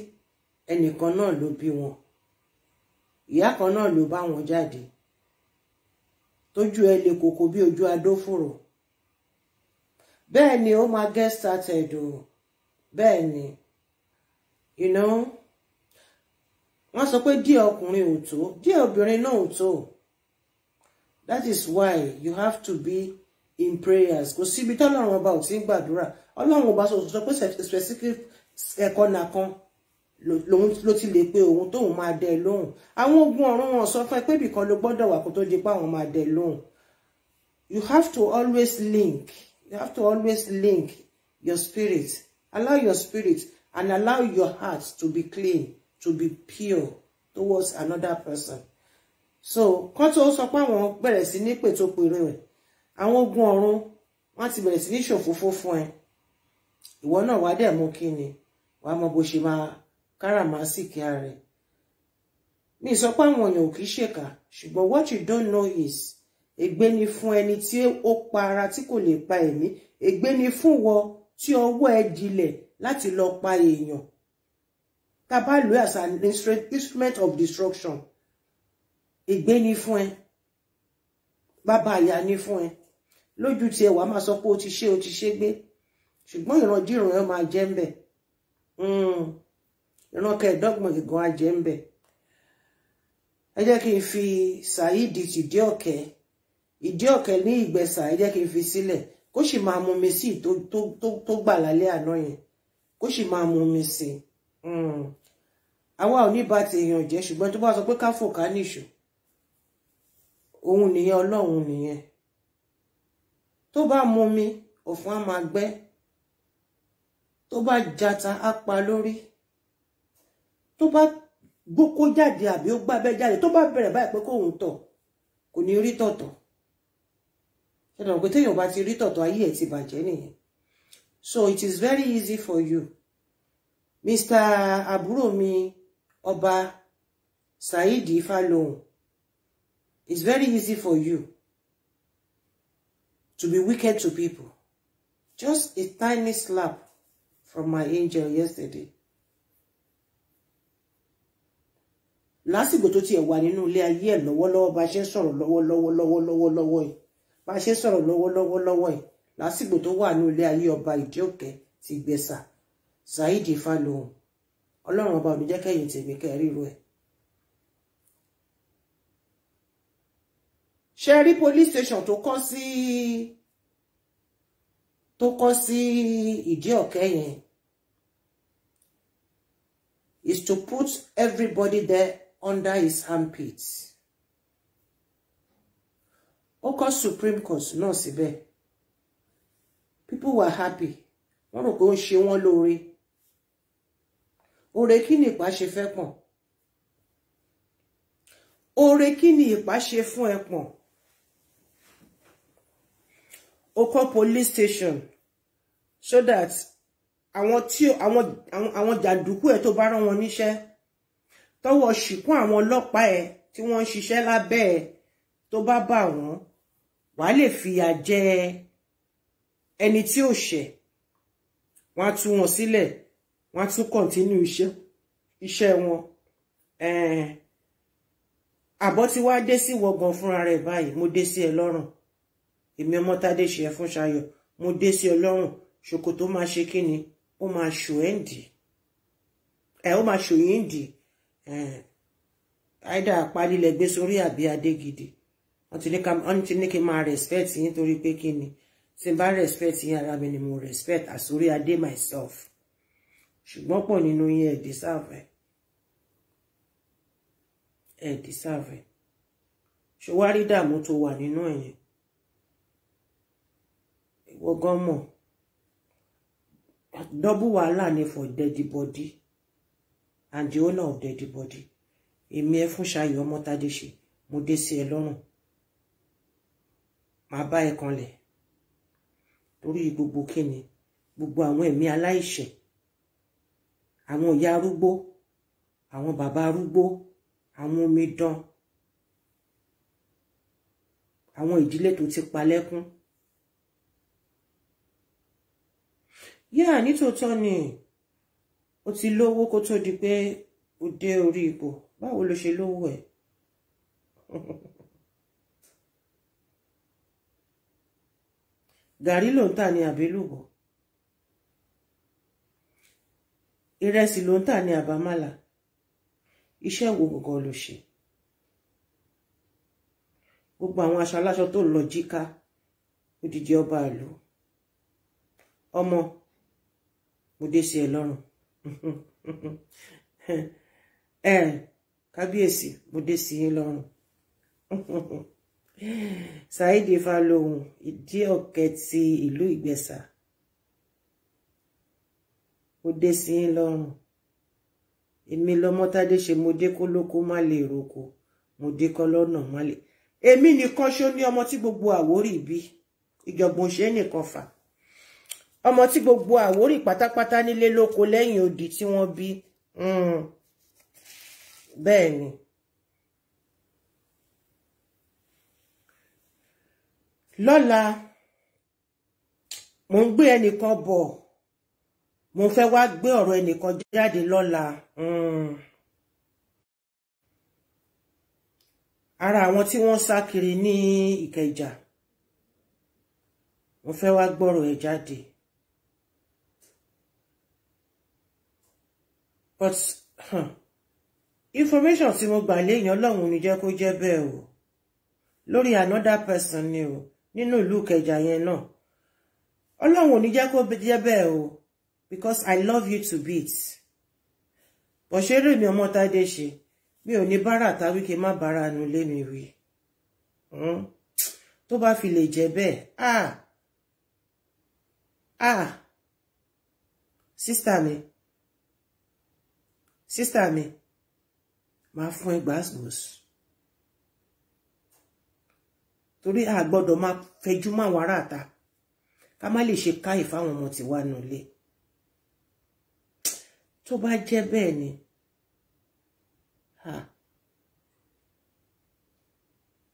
ẹnìkan náà ló bí wọn ìyá kan náà ló bá wọn jáde tójú ẹ lè kòkó bí ojú adófòrò bẹ́ẹ̀ ni ó máa get started o bẹ́ẹ̀ ni you know wọ́n sọ pé díẹ̀ ọkùnrin ò tó díẹ̀ obìnrin náà ò tó o that is why you have to be in prayers kò síbi tọ́lọ́run ọba ò ti ń gbàdúrà ọlọ́run ọba sọ pé specific ẹ̀kọ́ nà kan lòun ló ti lè pe òun tóun máa dẹ lóhùn àwọn ogun ọ̀run wọn sọ fún ẹ pé ibìkan ló gbọ́dọ̀ wà kó tó di pé àwọn máa dẹ lóhùn you have to always link you have to always link your spirit allow your spirit and allow your heart to be clean to be pure towards another person so kán tó sọ pé àwọn bẹ̀rẹ̀ sí ní pètò pèrò ẹ̀ àwọn ogun ọ̀run wọ́n ti bẹ̀rẹ̀ sí ní ṣòfófó fún ẹ ìwọ náà wàá dẹ̀ mú kí ni wàá mọ bó ṣe máa káràmásìkí ara rẹ̀ mi sọ pé àwọn èèyàn ò kì í ṣèkà ṣùgbọ́n what you don't know is ègbé ni fún ẹni tí ó pa ara tí kò lè pa ẹ̀mí ègbé ni fún wọ tí ọwọ́ ẹ dilẹ̀ láti lọ pa èèyàn tá a bá lo as an instrument of destruction ègbé ni fún ẹ bàbá àyà ni fún ẹ lójú tiẹ̀ wàá máa sọ pé o ti ṣe o ti ṣe gbé ṣùgbọ́n ìrandíran ẹ máa jẹ́ ń bẹ̀ hmm. ìran kẹẹ̀ẹ́dọ́gbọ̀n gígan á jẹ́ ń bẹ̀ ẹ jẹ́ kí n fi Saheed tìdí ọ̀kẹ́ ìdí ọ̀kẹ́ ní ìgbẹ̀sà ẹ jẹ́ kí n fi sílẹ̀ kó sì máa mú mi sí tó gbà lálẹ́ àná yẹn kó sì máa mú mi sí hmm. àwa ò ní bá ti èèyàn jẹ́ ṣùgbọ́n tó bá sọ pé ká fò ká níṣó òun nìyẹn ọlọ́run nìyẹn tó bá mu mi á máa gbẹ tó bá jata á pa lórí tó bá gbókó jáde àbí ó gbábẹ́ jáde tó bá bẹ̀rẹ̀ báyìí pé kóun tọ̀ kò ní rí tọ̀tọ̀ ṣẹlẹ̀ pé téèyàn bá ti rí tọ̀tọ̀ ayé ẹ̀ ti bàjẹ́ nìyẹn so it is very easy for you Mr. àbúrò mi ọba Saheed Ifálóhùn It's very easy for you to be wicked to people. Just a tiny slap from my angel yesterday. Lásìkò tó tiẹ̀ wà nínú ilé ayé ẹ̀ lọ́wọ́lọ́wọ́ bá ṣe ń sọ̀rọ̀ lọ́wọ́lọ́wọ́lọ́wọ́lọ́wọ́ ẹ̀ bá ṣe ń sọ̀rọ̀ lọ́wọ́lọ́wọ́lọ́wọ́ ẹ̀ lásìkò tó wà nínú ilé ayé ọba Ìdíòkè ti Ìgbẹ̀sà Saheed Ìfálòhùn ọlọ́run ọba ò ní jẹ́ kẹ́yìn tèmi kẹ́ ríro ẹ̀. ṣe rí police station tó kọ́ sí tó kọ́ sí ìdí ọ̀kẹ́ yẹn is to put everybody there under his armpit ó kọ́ supreme court náà síbẹ̀ people were happy wọ́n rò pé ó ń ṣe wọ́n lóore oore kí ni ìpá ṣe fẹ́ pọ̀n oore kí ni ìpá ṣe fún ẹ pọ̀n Oko police station so that àwọn tí àwọn àwọn jàǹdùkú ẹ tó bá rán wọn níṣẹ́ tọ́wọ́ ṣìkún àwọn ọlọ́pàá ẹ tí wọ́n ń ṣiṣẹ́ lábẹ́ ẹ tó bá bà wọ́n wàá lè fìyà jẹ ẹni tí ò ṣẹ̀ wọ́n á tú wọn sílẹ̀ wọ́n á tún kọ̀ntínú iṣẹ́ iṣẹ́ wọn àbọ̀ tí wàá dé sí wọ fúnra rẹ̀ báyìí mo dé sí ẹ lọ́rùn èmi ọmọ tádé ṣe ẹ fún ṣayọ mo dé sí ọlọ́run ṣòkòtò máa ṣe kí ni ó máa ṣò ẹ́ ń dì ẹ ó máa ṣò yín dì àìdá àpalilẹ̀ gbé sórí àbí adé gidi wọ́n ti ní kí n máa respect yín torí pé kí tí n bá respect yín ara mi ni mo respect àsórí adé myself ṣùgbọ́n pọ̀ nínú yín ẹ̀ deserve ẹ̀ deserve ṣùwárí dààmú tó wà nínú ẹ̀yìn Wogomo, double wala ni for dead body and the owner of dead body èmi ẹ fún ṣayọ ọmọ tádé ṣe mo dé sí ẹ lọ́rùn màá bá ẹ kanlẹ̀ torí gbogbo kíni gbogbo àwọn ẹ̀mí aláìṣẹ̀ àwọn ìyá arúgbó àwọn bàbá arúgbó àwọn omidan àwọn ìdílé tó ti pa lẹ́kún yá nítòótọ́ ni o ti lówó kó tó di pé o dé orí ipò báwo lo ṣe lówó ẹ̀ gàrí ló ń tà ní àbélùbọ̀ ìrẹsì ló ń tà ní àbámálà iṣẹ́ wo gbọ̀ngàn ló ṣe gbogbo àwọn aṣọ aláṣọ tó lọ jíká odidi ọba ìlú ọmọ kò dé sí ẹ lọ́rùn ẹ kábíyèsí mo dé sí yín lọ́rùn Saheed Falohan ìdí ọ̀kẹ́ ti ìlú Ìgbẹ̀sà mo dé sí yín lọ́rùn èmi lọ́mọ́tádé ṣe mo dé kó lóko má lè roko mo dé kọ́ lọ́nà má lè èmi nìkan ṣó ní ọmọ tí gbogbo Àwórì bí ìjọ̀gbọ̀n ṣe nìkan fà ọmọ tí gbogbo Àwórì pátápátá nílé lóko lẹ́yìn odi tí wọ́n bí hmm. bẹ́ẹ̀ ni. lọ́la mo ń gbé ẹnìkan bọ̀ mo fẹ́ wá gbé ọ̀rọ̀ ẹnìkan jáde lọ́la hmm. ara àwọn tí wọ́n sá kiri ní Ìkẹjà mo fẹ́ wá gbọ́rọ̀ ẹ̀ jáde. but information tí mo gbà léèyàn ọlọ́run ní jẹ́ kó jẹ́ bẹ́ẹ̀ o lórí another person ni o nínú ìlú kẹjà yẹn náà ọlọ́run ní jẹ́ ko jẹ́ bẹ́ẹ̀ o because i love you to bits bọ̀ṣẹ́rì mi ọmọ tádé ṣe mi ò ní bara tàbí kí n má bára nu lé mi wí hmm? tó bá fi le jẹ́ bẹ́ẹ̀ ah ah Sister me sísítà mi máa fún ẹ gbàsmos torí a gbọ́dọ̀ máa fẹjú mọ́ àwọn aráàta ká má lè ṣe káì fáwọn ọmọ tiwa nulẹ̀ tó bá jẹ́ bẹ́ẹ̀ ni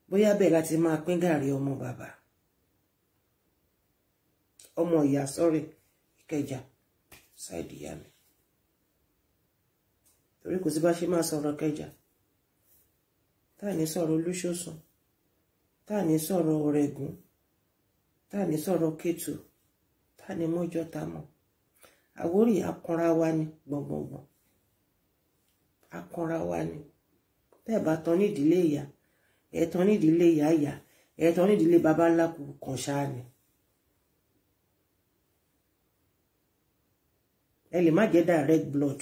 bóyá bẹ́ẹ̀ láti máa pín gàrí ọmọ bàbá ọmọ ìyá sọ́rí ìkẹjà ṣáìdì ìyá mi. torí kò sí bá ṣe máa sọ̀rọ̀ kẹjà tá ní sọ̀rọ̀ olúṣòsùn tá ní sọ̀rọ̀ ọ̀rẹ́gùn tá ní sọ̀rọ̀ kẹtù tá ní mọ́jọ́ mọ̀ àwórí akanra wa ni gbọ̀ngbọ̀ngbọ̀n wa ni bẹ́ẹ̀ bá tán ìyá ìyá ìyá ẹ blood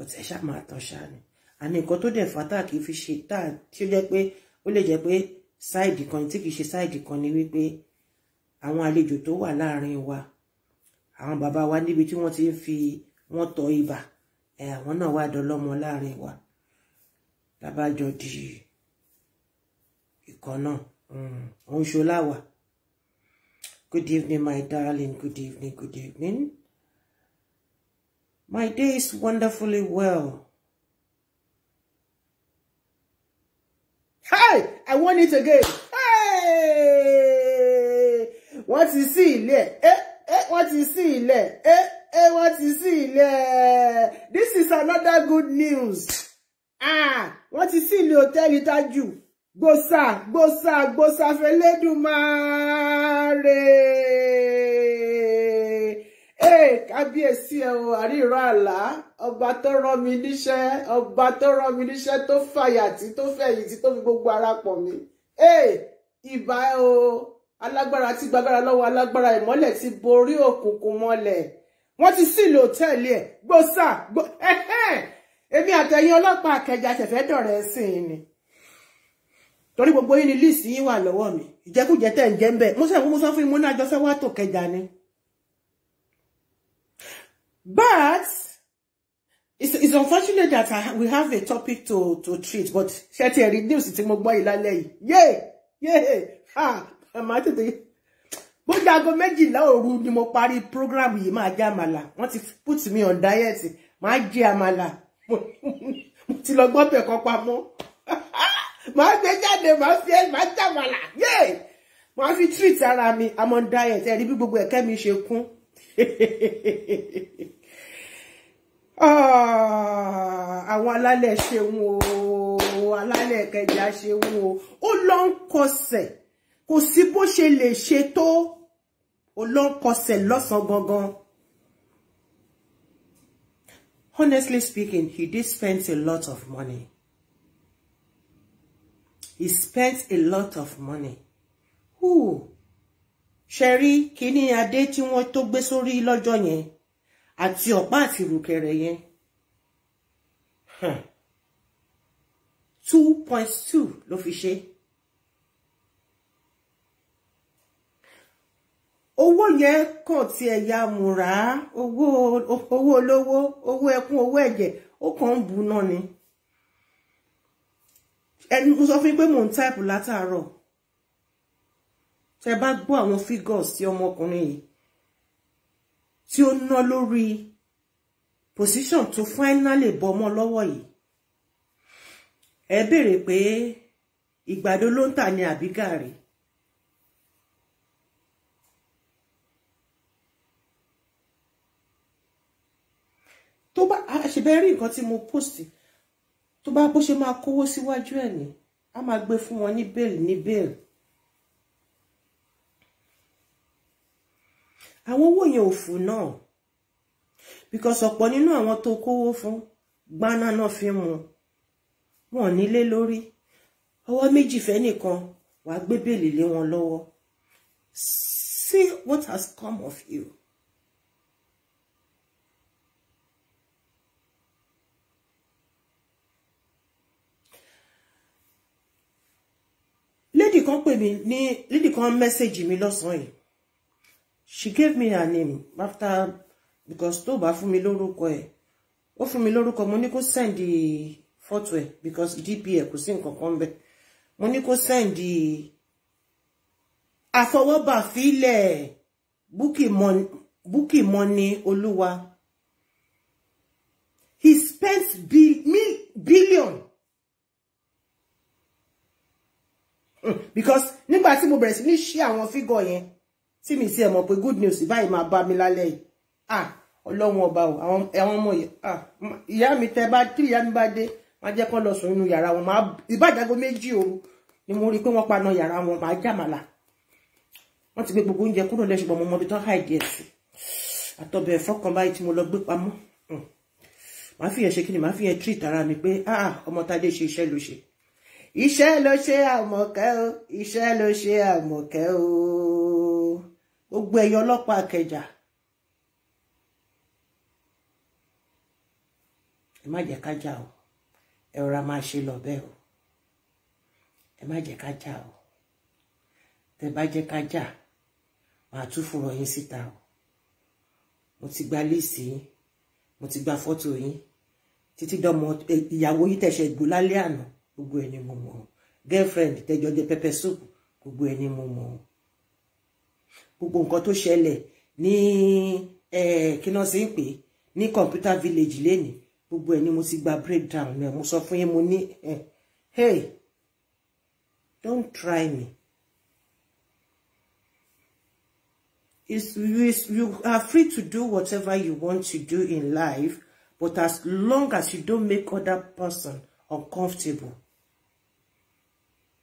but ẹ ṣáà máa tán ṣáà ni àní nǹkan tó dẹ̀ fà tá kì í fi ṣe tá tí ó jẹ́ pé ó lè jẹ́ pé sáìdì kan tí kì í ṣe sáìdì kan ni wípé àwọn àlejò tó wà láàrin wa àwọn bàbá wa níbi tí wọ́n ti ń fi wọ́n tọ ibà ẹ̀ àwọn náà wá dọlọ́mọ láàrin wa lábàjọ di ìkan náà mm, òun ṣoláwà good evening my darling good evening good evening. My day is wonderfully well. Hey, I won it again. Hey, what you see ilẹ̀? Eh, eh, What you see ilẹ̀? Eh, eh, What you see ilẹ̀? This is another good news. Ah, what you wọ́n ti sí ilé Bossa, bossa, bossa gbòsà, gbòsà fẹ́lẹ́dùmarè kábíyèsí ẹ o àríra àlá ọba tó rán mi níṣẹ́ ọba tó rán mi níṣẹ́ tó fàyàtì tó fẹ̀yìntì tó fi gbogbo ara pọ̀ mi ìbà ẹ o alágbára tí gbàgbára lọ́wọ́ alágbára ìmọ́lẹ̀ ti borí òkùnkùn mọ́lẹ̀ wọ́n ti sílò òtẹ́ẹ̀lì ẹ̀ gbósà gbó èmi àtẹ̀yìn ọlọ́pàá àkẹjà ṣẹ̀fẹ́ dọ̀rẹ́ sí i ni torí gbogbo yín ni líìsì yín wà lọ́wọ́ mi ìjẹkújẹ tẹ̀ ń jẹ́ ń bẹ́ẹ̀ mo sọ fún mi mo ní kẹjà ni. But it's, it's unfortunate that I, we have a topic to, to treat, but ṣé ti rí news tí mo gbọ́ yìí lálẹ́ yìí. Yay! Yay! Ha! Màá tètè. Bó jago méjìlá òru ni mo parí program yìí máa jẹ àmàlà. Wọ́n ti put me on diet. My jẹ àmàlà. Mo ti lọ gbọ́ bẹ̀ kan pamọ́. Màá gbé jáde, màá fi ẹ́, màá jẹ àmàlà. Yay! Màá fi treat I'm on diet. Ẹ̀rí bí gbogbo come mi ṣe kún. Ah, àwọn alálẹ̀ ṣeun o alálẹ̀ kẹjà ṣeun o ó lọ ń kọsẹ̀ kò sí bó ṣe lè ṣe tó ó lọ ń kọsẹ̀ lọ́sàn gangan. Honestly speaking, he did spend a lot of money. He spent a lot of money. Ooh ṣe rí kíní adé tí wọ́n tó gbé sórí lọ́jọ́ yẹn àti ọ̀pá àti ìrùkẹ̀rẹ̀ yẹn two point two ló fi ṣe. owó yẹn kàn ti ẹ̀yà múra owó owó olówó owó ẹkún owó ẹ̀jẹ̀ ó kàn ń bu náà ni ẹni mo sọ fún yín pé mò ń táìpù látàárọ̀ tẹ bá gbọ́ àwọn figures tí ọmọkùnrin yìí tí ó ná lórí position to finally bọ́ ọmọ lọ́wọ́ yìí ẹ béèrè pé ìgbàdo ló ń tà ní àbí gàrí tó bá àṣebẹ́ rí nǹkan tí mo post tó bá bó ma máa si síwájú ẹ̀ ní a máa gbé fún wọn ní bẹ́ẹ̀lì ní bẹ́ẹ̀lì àwọn owó yẹn ò fún náà because ọ̀pọ̀ nínú àwọn tó kówó fún gbaná náà fi mu wọn nílé lórí ọwọ́ méjì fẹ́nìkan wàá gbé bèlè lé wọn lọ́wọ́ see what has come of you. lédì kan pè mí ní lédì kan mẹ́sẹ̀gì mi lọ́sàn-án yìí she gave me her name after because tó bá fún mi lórúkọ ẹ̀ ó fún mi lórúkọ mo ní kó send the photo ẹ̀ because dp ẹ̀ kò sí nǹkan kan bẹ̀ mo ní kó send the àfọwọ́bà fílẹ̀ búkì mọ́ni olúwa he spent billion hmm, because nígbà tí mo bẹ̀rẹ̀ sí ní ṣí àwọn fígọ̀ yẹn tí mi sì ẹ̀ mọ̀ good news báyìí máa bá mi lálẹ́ ah ọlọ́run ọba o àwọn ọmọ ìyá mi tẹ bá tí ìyá mi bá dé máa jẹ́ kó lọ sùn nínú yàrá wọn máa ìbàdàgọ meji o. ni mo rí i pé wọ́n paná yàrá wọn máa jàmàlà wọ́n ti gbé gbogbo oúnjẹ kúrò lẹ́sùn bọ́ mo mọ ibi tán hàìdí ẹ̀ sí àtọ̀bẹ̀ fọ́kàn báyìí tí mo lọ gbé pamọ́ hmm. màá fi yẹn ṣe kí ni fi yẹn treat ara mi pé ah ọmọ tá a dé ṣe iṣẹ́ ló ṣe iṣẹ́ ló ṣe o iṣẹ́ ló ṣe àmọ̀kẹ́ o gbogbo ẹ̀yọ ọlọ́pàá Ìkẹjà ẹ má jẹ́ ká jà o ẹ máa ṣe lọ bẹ́ẹ̀ o ẹ má jẹ́ ká jà o tẹ bá jẹ́ ká jà màá tún fúnra yín síta o mo ti gba líìsì yín mo ti gba fọ́tò yín títí dọ́mọ ìyàwó yìí tẹ̀sẹ̀ gbó lálẹ́ àná gbogbo ẹni mo mọ̀ ọ́ girlfriend tẹjọ́ dé pepper soup gbogbo ẹni mo mọ̀ ọ́ gbogbo nǹkan tó ṣẹlẹ̀ ní kíná sí pé ní computer village lénìí gbogbo ẹ̀ ni mo ti gba breakdown rẹ̀ mo sọ fún yín mo ní hey don't try me you, you are free to do whatever you want to do in life but as long as you don't make other person uncomfortable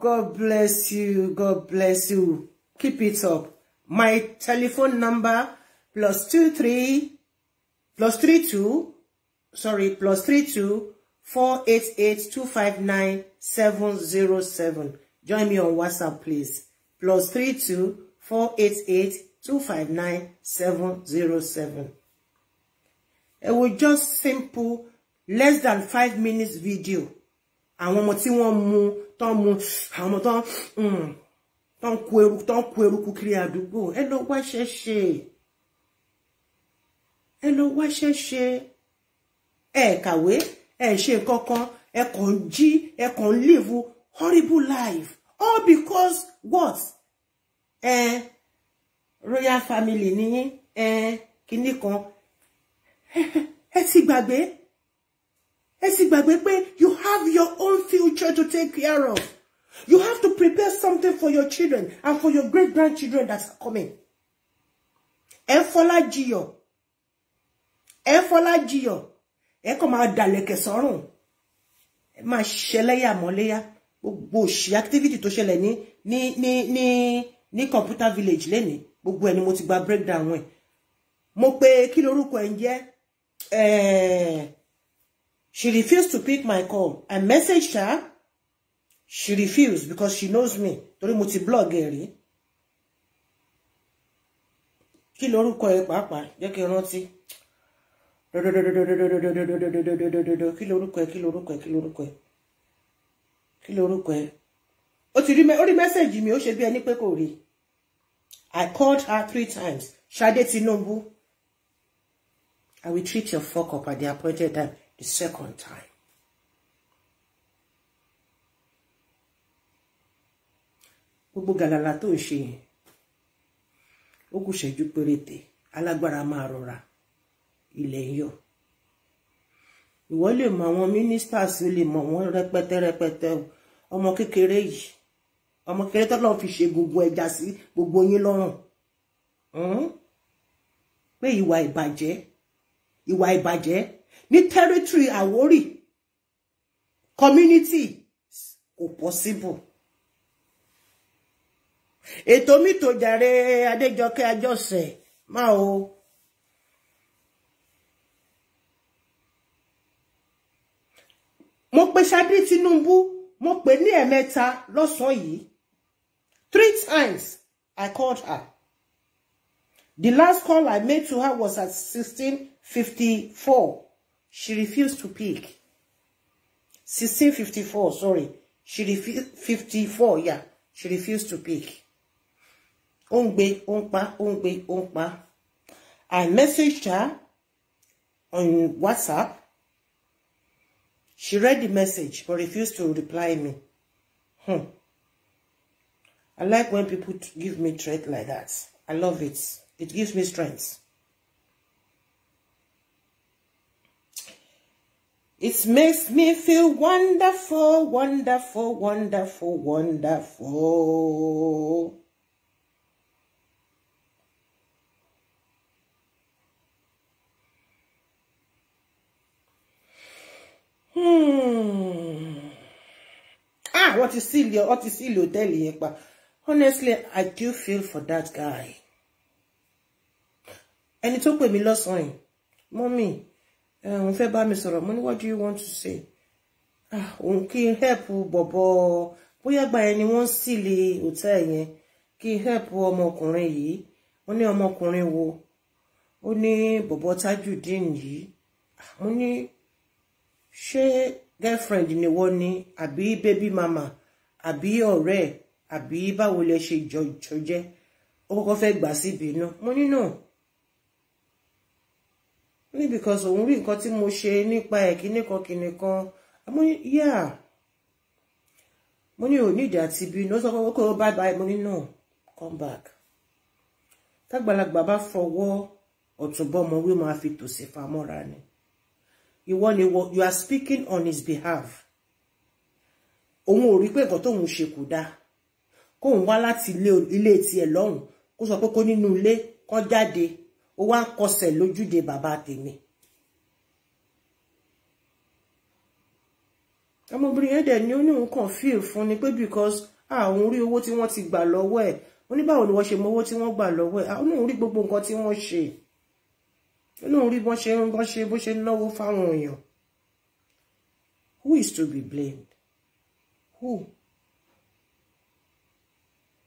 God bless you. God bless you. Keep it up. My telephone number plus two three plus three two sorry plus three two four eight eight two five nine seven zero seven. Join me on WhatsApp, please. Plus three two four eight eight two five nine seven zero seven. It will just simple less than five minutes video. and one more thing one more tó ń mu àwọn ọmọ hmm, tó ń tó ń kó eruku tó ń kó eruku kiri àdúgbò ẹ lọ wáṣẹ́ ṣe ẹ lọ wáṣẹ́ ṣe ẹ kàwé ẹ ṣe kankan ẹ kàn jí ẹ kàn live horrible life all because what ẹ royal family nìyí ẹ kinní kan ẹ ti gbàgbé. Esi sì gbàgbé you have your own future to take care of you have to prepare something for your children and for your great grandchildren that's coming ẹ fọlá jiyọ ẹ fọlá jiyọ ẹ kàn máa dàlẹ̀kẹ̀ sọ́rùn ẹ máa ṣẹlẹ́yà mọ́léyà gbogbo òṣì activity to ṣẹlẹ̀ ni ni ni ni ni computer village lẹ́ni gbogbo ẹni mo ti gba breakdown we. mo pe kí lorúkọ ẹ̀ ń She refused to pick my call. I messaged her. She refused because she knows me. Torí mo ti blog ẹ̀ Do do do do do do do do do Kí lorúkọ ẹ kí lorúkọ ẹ kí lorúkọ ẹ kí lorúkọ ẹ. O ti rí orí mẹ́sẹ̀gì mi O ṣe bí ẹni pé kò rí. I called her three times. Ṣadé Tinubu. I will treat your fuck up at the appointed time the second time. Gbogbo gàlàlà tó ń ṣe yẹn, ó kù ṣẹ́jú péréte, alágbára máa rọra, ilẹ̀ ń yọ̀. Ìwọ lè mọ àwọn ministers lè mọ wọn rẹpẹtẹ rẹpẹtẹ ọmọ kékeré yìí ọmọ kékeré tọ́lọ́ fi ṣe gbogbo ẹja sí gbogbo yín lọ́rùn hmm? pé ìwà ìbàjẹ́ ìwà ìbàjẹ́ ní territory Àwórì community kò possible ètò mi tó jàre Adéjọkẹ́ Àjọṣẹ máa o. mo pe Ṣadé Tinubu mo pè ní ẹ̀mẹ́ta lọ́sàn-án yìí three times I called her the last call I made to her was at sixteen fifty four. She refused to pick. 1654, sorry. She refused, 54, yeah. She refused to pick. Ongbe, ongpa, ongbe, ongpa. I messaged her on WhatsApp. She read the message but refused to reply me. Hmm. I like when people give me threat like that. I love it. It gives me strength. It makes me feel wonderful, wonderful, wonderful, wonderful. Hmm. Ah, what ti seal your, wọ́n ti seal your hotel yẹn Honestly, I do feel for that guy. Ẹni tó pè me, lọ́sàn-án mommy òun eh, fẹ́ bá mi sọ̀rọ̀ what do you want to say ah, òun kí n help bọ̀bọ̀ bóyá gba ẹni wọ́n sì lè hòtẹ́ẹ̀ yẹn kí n help ọmọkùnrin yìí wọ́n ní ọmọkùnrin wo ó ní bọ̀bọ̀ Tajudeen yìí ah, mo ní ṣé girlfriend ni wọ́n ní àbí baby mama àbí ọ̀rẹ́ àbí báwo lẹ ṣe jọjọ jẹ́ ó kọ́kọ́ fẹ́ gbà síbi náà mo ní náà. No ní because òun rí nǹkan tí mo ṣe nípa ẹ̀ kíní kan kíní kan mo ní yà mo ní ò ní ìdí àti ibi ní ó sọ pé ó kò oh, ó bye bye mo ní no come back tágbàlagbà bá fọwọ́ ọ̀túnbọ́mọ wí máa fi tòsí famọ́ra ni ìwọ ni you are speaking on his behalf òun ò rí pé nǹkan tóun ṣe kò dáa kóun wá láti ilé tiẹ̀ lọ́hùn kó sọ pé kó nínú ilé kó jáde ó wá kọsẹ̀ lójúde bàbá tèmi ọmọbìnrin yẹn dẹ̀ ni ó ní òun kàn fíìl fún ni pé because àwọn orí owó tí wọ́n ti gbà lọ́wọ́ ẹ̀ ó ní báwo ni wọ́n ṣe mọ owó tí wọ́n gbà lọ́wọ́ ẹ̀ ó ní òun rí gbogbo nǹkan tí wọ́n ṣe ó ní òun rí bọ́n ṣe bọ́n ṣe bó ṣe náwó fáwọn who is to be blamed who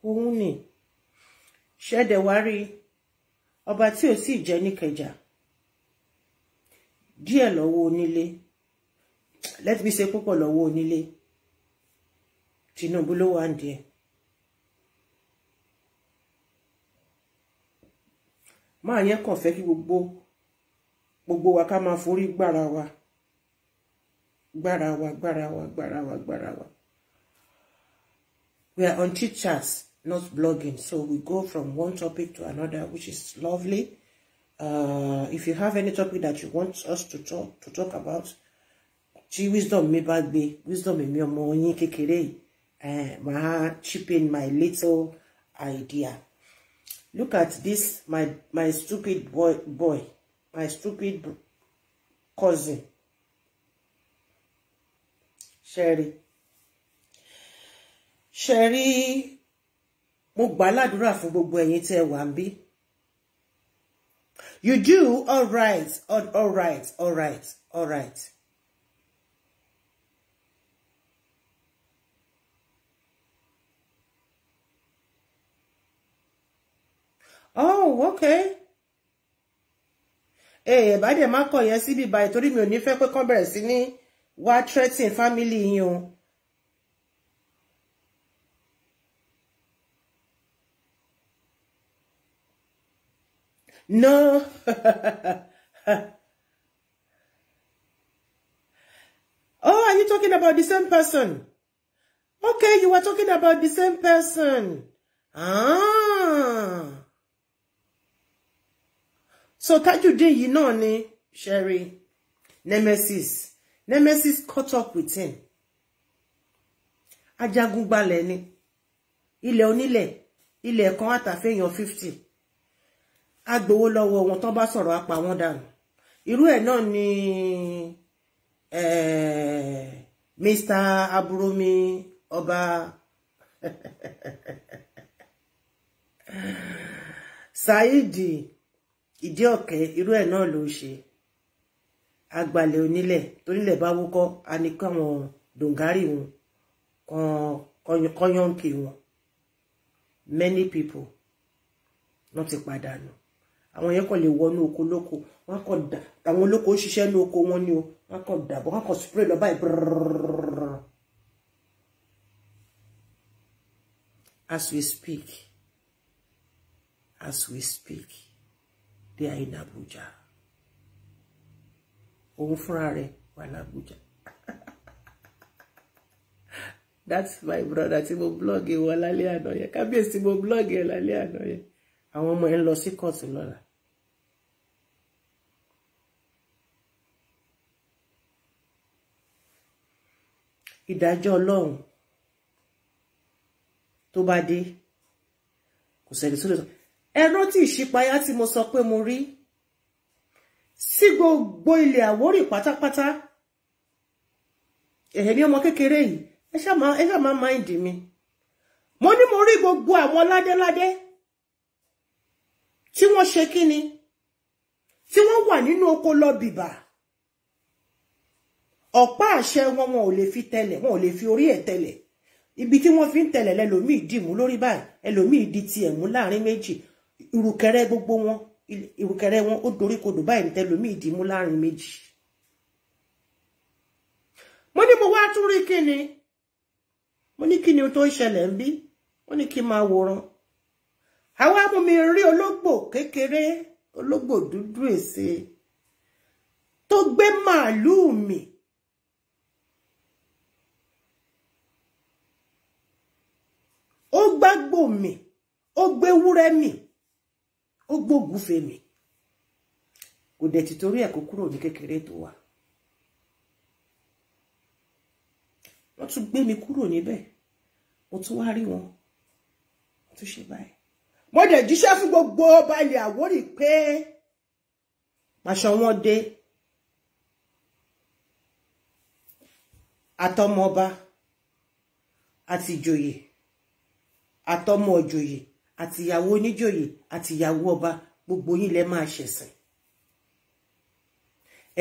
òun ni ṣẹ́dẹ̀ wá rí ọba tí ò tíì jẹ níkẹjà díẹ̀ lọ́wọ́ onílé let me say púpọ̀ lọ́wọ́ onílé Tinubu ló wà díẹ̀ máa yẹn kàn fẹ́ kí gbogbo gbogbo wa ká máa forí gbára wa gbára wa gbára wa gbára wa gbára wa we are on teachers not blogging. So we go from one topic to another, which is lovely. Uh, if you have any topic that you want us to talk to talk about, tí wisdom me bá gbé wisdom me ọmọ yín kékeré yìí eh, chip in my little idea look at this my my stupid boy boy my stupid cousin sherry sherry mo gbà ládùúrà fún gbogbo ẹ̀yin tẹ́ wà ń you do all right all right all right all right. oh okay èèyàn eh, bá dẹ̀ má kọ̀ yẹn síbi báyìí torí mi ò ní fẹ́ pé kán bẹ̀rẹ̀ sí ní wá threatening family yín o. Non. oh, are you talking about the same person? Okay, you were talking about the same person. Ah. So Tajudeen you know, ni Sherry Nemesis. Nemesis caught up with him. Ajagungbalẹ̀ ni. Ilẹ̀ onílẹ̀. Ilẹ̀ kan àtàfẹ́yàn 50 á gbowó lọ́wọ́ wọn tán bá sọ̀rọ̀ apá wọn dànù irú ẹ̀ náà ni eh, Mr. Aburomi ọba Saidi Ìdíọ̀kẹ́ irú ẹ̀ náà ló ṣe agbalẹ̀ onílẹ̀ torílẹ̀ bá wúkọ́ a ní káwọn wọn kọ́yọ́ǹkì wọn many people wọ́n ti pàdánù àwọn yẹn kàn lè wọnú oko lóko wọn kàn dà àwọn olóko ń ṣiṣẹ́ ní oko wọn ni o wọn kàn dàbọ̀ wọn kàn spray lọ báyìí brrrr as we speak as we speak they are in Abuja òun fúnra rẹ̀ that's my brother tí mo blog wọn lálẹ́ àná yẹn kábíyèsí mo blog yẹn lálẹ́ àná yẹn àwọn ọmọ yẹn lọ ìdájọ́ ọlọ́run tó bá dé kò sẹ́ni tó lè sọ ẹ rántí ìṣípayá tí mo sọ pé mo rí sí gbogbo ilẹ̀ Àwórì pátápátá ẹ̀hẹ́ ní ọmọ kékeré yìí ẹ ṣáà máa máìndì mi mo ní mo rí gbogbo àwọn ládéládé tí wọ́n ṣe kíni tí wọ́n wà nínú oko lọ bìbà ọ̀pá àṣẹ wọn wọn ò lè fi tẹlẹ̀ wọn ò lè fi orí ẹ̀ tẹlẹ̀ ibi tí wọ́n fi ń tẹlẹ̀ lẹ́lòmíì dìmú lórí báyìí ẹlòmíì di tiẹ̀ mú láàrin méjì ìrùkẹrẹ gbogbo wọn ìrùkẹrẹ wọn ó dorí kodò báyìí tẹlòmíì dìmú láàrin méjì. mo ní mo wá tún rí kí ni mo ní kí ni tó ń ṣẹlẹ̀ ń bí wọ́n ní kí n máa wòran àwa mú mi rí ológbò kékeré ológbò dúdú èsè tó gbé màálùú mi ó gbágbò mì ó gbé wúrẹ́ mì ó gbógùnfe mì kò dẹ̀ ti torí ẹ̀ kó kúrò ní kékeré tó wà wọ́n tún gbé mi kúrò níbẹ̀ mo tún wá rí wọn mo tún ṣe báyìí mo dẹ̀ jíṣẹ́ fún gbogbo ọba ilẹ̀ Àwórì pé màṣọ wọn dé àtọmọba àti ìjòyè àtọmọ òjòyè àtìyàwó oníjòyè àtìyàwó ọba gbogbo yín lẹ máa ṣẹ̀sìn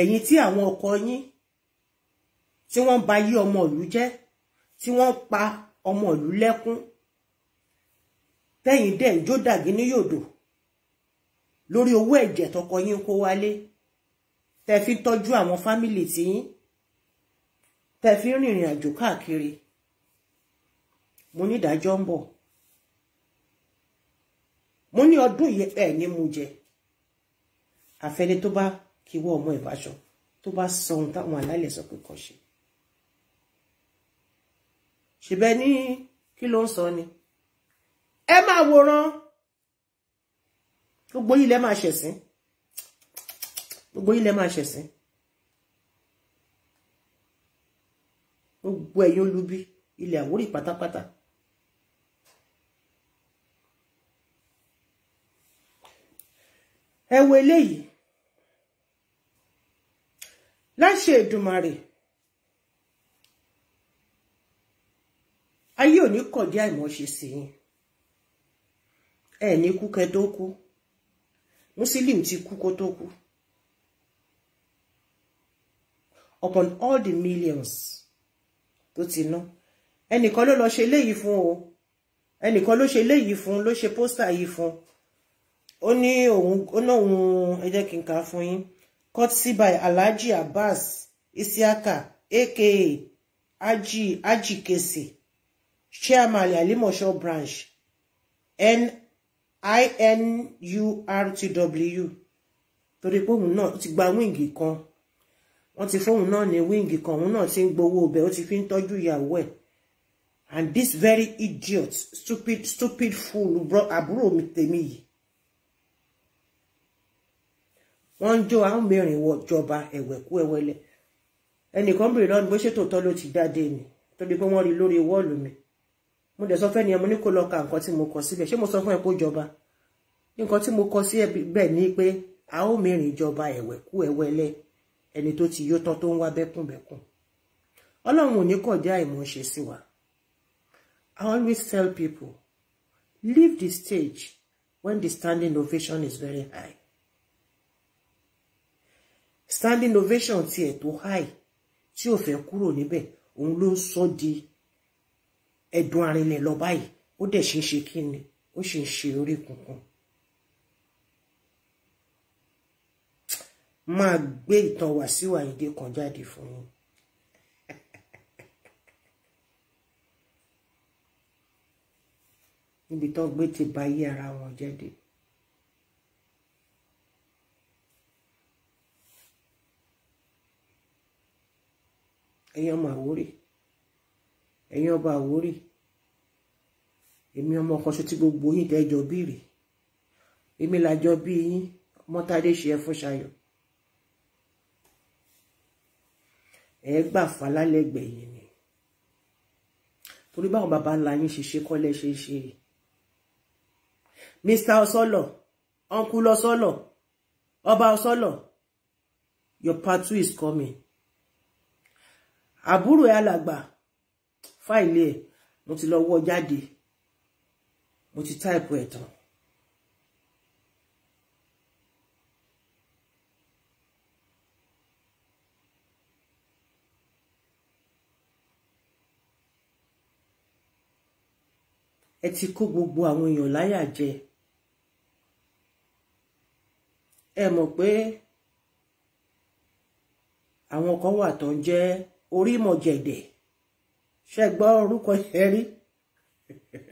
ẹ̀yin tí àwọn ọkọ yín tí wọ́n ba yí ọmọ ìlú jẹ́ tí wọ́n pa ọmọ ìlú lẹ́kún tẹ́yìn dẹ̀ ń jó dàgí ní yòdò lórí owó ẹ̀jẹ̀ tọkọ yín kó wálé tẹ́ fi tọ́jú àwọn fámìlì tí yín tẹ́ fi rìnrìn àjò káàkiri mo nídàájọ́ ń bọ̀ mo ní ọdún yìí ẹ ní mu jẹ àfẹni tó bá kíwọ ọmọ ìbáṣọ tó bá sọ ohun táwọn alálẹ̀ sọ pé kàn ṣe ṣèbẹ ní kí ló ń sọ ni ẹ máa wòran gbogbo yìí lẹ máa ṣẹ̀sìn gbogbo yìí lẹ máa ṣẹ̀sìn gbogbo ẹ̀yin olubi ilẹ̀ Àwórì pátápátá. ẹ wo eléyìí láṣẹ Èdùmàrè ayé ò ní kọ̀dí àìmọ̀ṣe sí yín ẹ ní kú kẹ tó kú Muslim ti kú kó tó kú upon all the millions tó ti ná ẹnìkan ló lọ ṣe léyìí fún o ẹnìkan ló ṣe léyìí fún ló ṣe pósítà yìí fún ó ní òun ó lóun ẹ jẹ́ kí n kà á fún yín courtesy by alhaji abbas isiaka aka aji ajikese chairman alimosho branch N I ninurtw torí pé òun náà ti gba wíǹgì kan wọ́n ti fóun náà ní wíǹgì kan òun náà ti ń gbowó ọbẹ̀ ó ti fi ń tọ́jú ìyàwó ẹ̀ and this very idiot stupid stupid fool àbúrò mi tèmi yìí wọ́n jó àwọn mẹ́rin wọ ìjọba ẹ̀wẹ̀kú ẹ̀wẹ̀lẹ̀ ẹnìkan bèrè lọ́nu bó ṣe tòótọ́ ló ti dáadé ni torí pé wọ́n rí lórí wọ́ọ̀lù mi mo dẹ̀ sọ fẹ́ ni ọmọ ní kò lọ ka nǹkan tí mo kọ síbẹ̀ ṣé mo sọ fún ẹ kó jọba nǹkan tí mo kọ sí ẹbẹ̀ ni pé àwọn mẹ́rin ìjọba ẹ̀wẹ̀kú ẹ̀wẹ̀lẹ̀ ẹni tó ti yó tán tó ń wá bẹ́kùnbẹ́kùn ọlọ́run ò ní kọjá ìmọ̀ọ́ṣe sí wa I always tell people leave the stage when the standing ovation is very high standing ovation tiẹ̀ tó high tí ò fẹ́ kúrò níbẹ̀ òun ló ń sọ di ẹ̀dùn arinlẹ̀ lọ báyìí ó dẹ̀ ṣe ń ṣe kí ni ó ṣe ń ṣe orí kunkun máa gbé ìtàn Wàsíù Àyìndé kan jáde fún yín níbi tó gbé ti bayé ara wọn jáde. ẹ̀yin ọmọ Àwórì ẹ̀yin ọba Àwórì èmi ọmọ kan ṣe tí gbogbo yín tẹ́jọ bíìrì èmi làjọ bí yín mọ́tàdé ṣe ẹ fún ṣayọ̀ ẹ gbà fà lálẹ́gbẹ̀ẹ́ yìí ni torí báwọn bàbá ńlá yín ṣe ṣe kọ́lẹ́ ṣe ṣe Mr. Osolo uncle Osolo ọba Osolo your part two is coming àbúrò ẹ̀ alàgbà fáìlì ẹ̀ mo ti lọ wọ́ jáde mo ti táìpù ẹ̀ tán. ẹ ti kó gbogbo àwọn èèyàn láyà jẹ ẹ mọ̀ pé àwọn kan wà tó ń jẹ́ orí mọ̀jẹ̀dẹ̀ ṣe gbọ́ orúkọ yẹn rí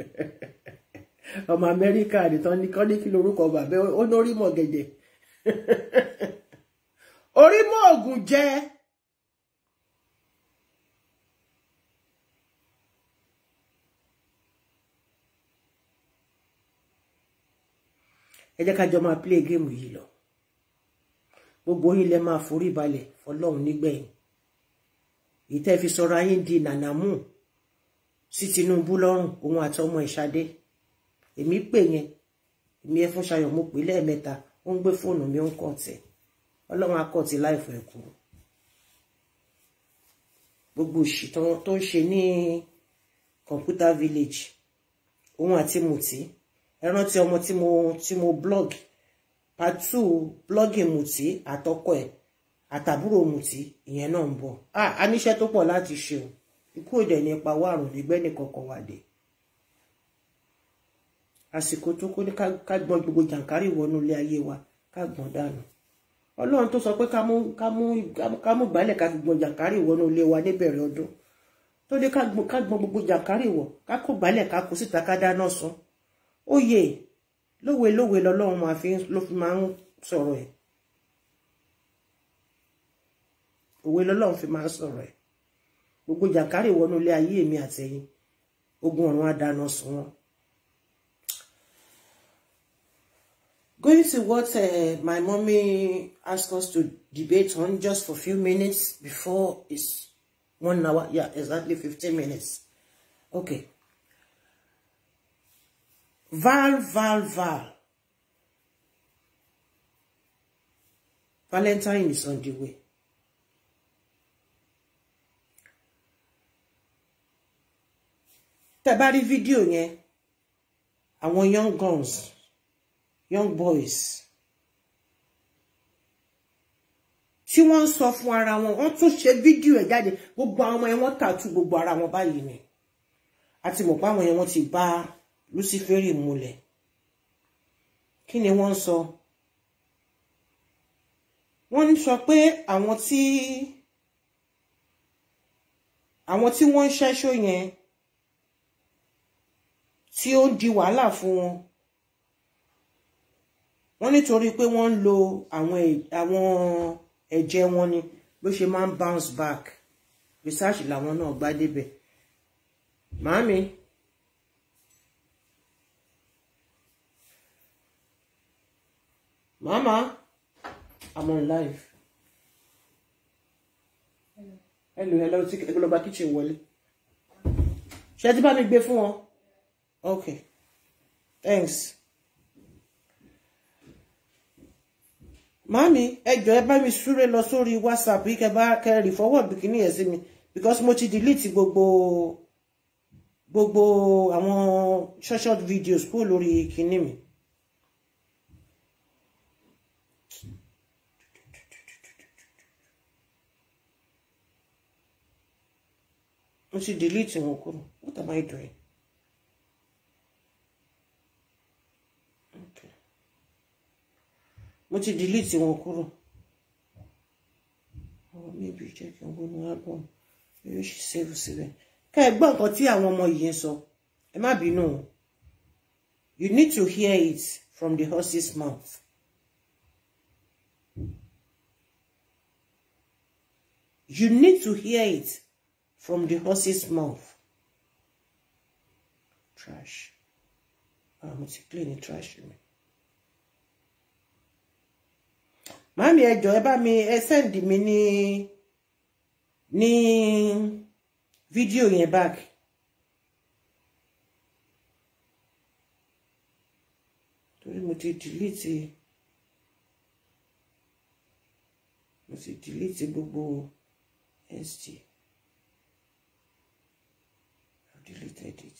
ọmọ amẹ́ríkà nìkan ní kọ́ ní kí lorúkọ bàbá ó ní orí mọ̀gẹ̀dẹ̀ orí mọ̀ ògùn jẹ́ ẹ jẹ́ ká jọ máa play game yìí lọ gbogbo yín lẹ máa forí balẹ̀ fọlọ́run nígbẹ̀yìn ìtẹ́ fi sọ̀rọ̀ ayé di nànàmú sí Tinubu lọ́rùn òun àtọmọ ìṣadé èmi pè yẹn èmi ẹ fún Ṣayọ̀ mo pè lẹ́ẹ̀mẹ́ta ó ń gbé fóònù mi ó ń kàn Ọlọ́run akọ̀tì láìfọ̀ ẹ̀kú gbogbo òṣì tó ń ṣe ní computer village òun àti mùtí ẹ rántí ọmọ mo tí mo blog part two blogging mùtí àtọkọ ẹ̀ àtàbúrò mùtí ìyẹn náà ń bọ̀ a níṣẹ́ tó pọ̀ láti ṣe o ikú òdẹ ní ipa wàrùn nígbẹ́ nìkọ̀kọ̀ wà dé àsìkò tó kó ní ká gbọ́n gbogbo jàǹkárì wọnú ilé ayé wa ká gbọ́n dànù ọlọ́run tó sọ pé ká mú gbálẹ̀ ká fi gbọ́n jàǹkárì wọnú ilé wa níbẹ̀rẹ̀ ọdún tó dé ká gbọ́n gbogbo jàǹkárì wọ̀ ká kó gbálẹ̀ ká kó síta ká dáná sun ó yẹ lówe lówe lọ́lọ́run ló fi máa ń sọ̀rọ̀ ẹ̀ òwe lọ́lọ́run fi máa sọ̀rọ̀ ẹ̀ gbogbo jàǹkárì wọnú ilé ayé èmi àtẹ̀yìn ogun ọ̀run àdáná sùn wọn. Going to what uh, my mommy asked us to debate on just for a few minutes before it's one hour. Yeah, exactly fifteen minutes. Okay. Val, Val, Val. Valentine is on the way. tẹ́ bá rí fídíò yẹn àwọn young guns young boys tí wọ́n ń sọ fún ara wọn wọ́n tún ṣe fídíò ẹ̀ jáde gbogbo àwọn ọmọ yẹn wọ́n tàtú gbogbo ara wọn báyìí ni àti mọ̀ pé yẹn wọ́n ti bá Luciferi múlẹ̀ kí ni wọ́n ń sọ wọ́n ń sọ pé àwọn tí àwọn tí wọ́n ń ṣẹ́ṣó yẹn tí ó ń di wàhálà fún wọn wọ́n nítorí pé wọ́n ń lo àwọn ẹ̀jẹ̀ wọn ni ló ṣe máa ń bounce back research làwọn náà gbá débẹ̀ màámi mama, I'm on live hello hello tí ẹgbẹ́ lọ́ba kitchen wọlé ṣé ẹ ti bá mi gbé fún wọn. Okay. Thanks. Mami, ẹjọ́ ẹ bá mi súré lọ sórí WhatsApp yìí kẹ́ bá kẹ́rì fọwọ́ bìkíní ẹ̀ sí mi because mo ti delete gbogbo gbogbo àwọn short short videos kúrò lórí kíní mi. mo ti delete wọn kúrò what am I doing? mo ti delete wọn kúrò oh maybe jẹ́ kí n wọnú album yóò ṣe save síbẹ̀ ká ẹ gbọ́ nǹkan tí àwọn ọmọ yìí ń sọ ẹ má bínú you need to hear it from the horse's mouth. You need to hear it from the horse's mouth. Trash. I'm ah, mo ti clean trash mi. màámi ẹ ẹ bá mi ẹ sẹ́ǹdì mi ní ní fídíò yẹn back torí mo ti dìlítì mo ti dìlítì gbogbo st deleted it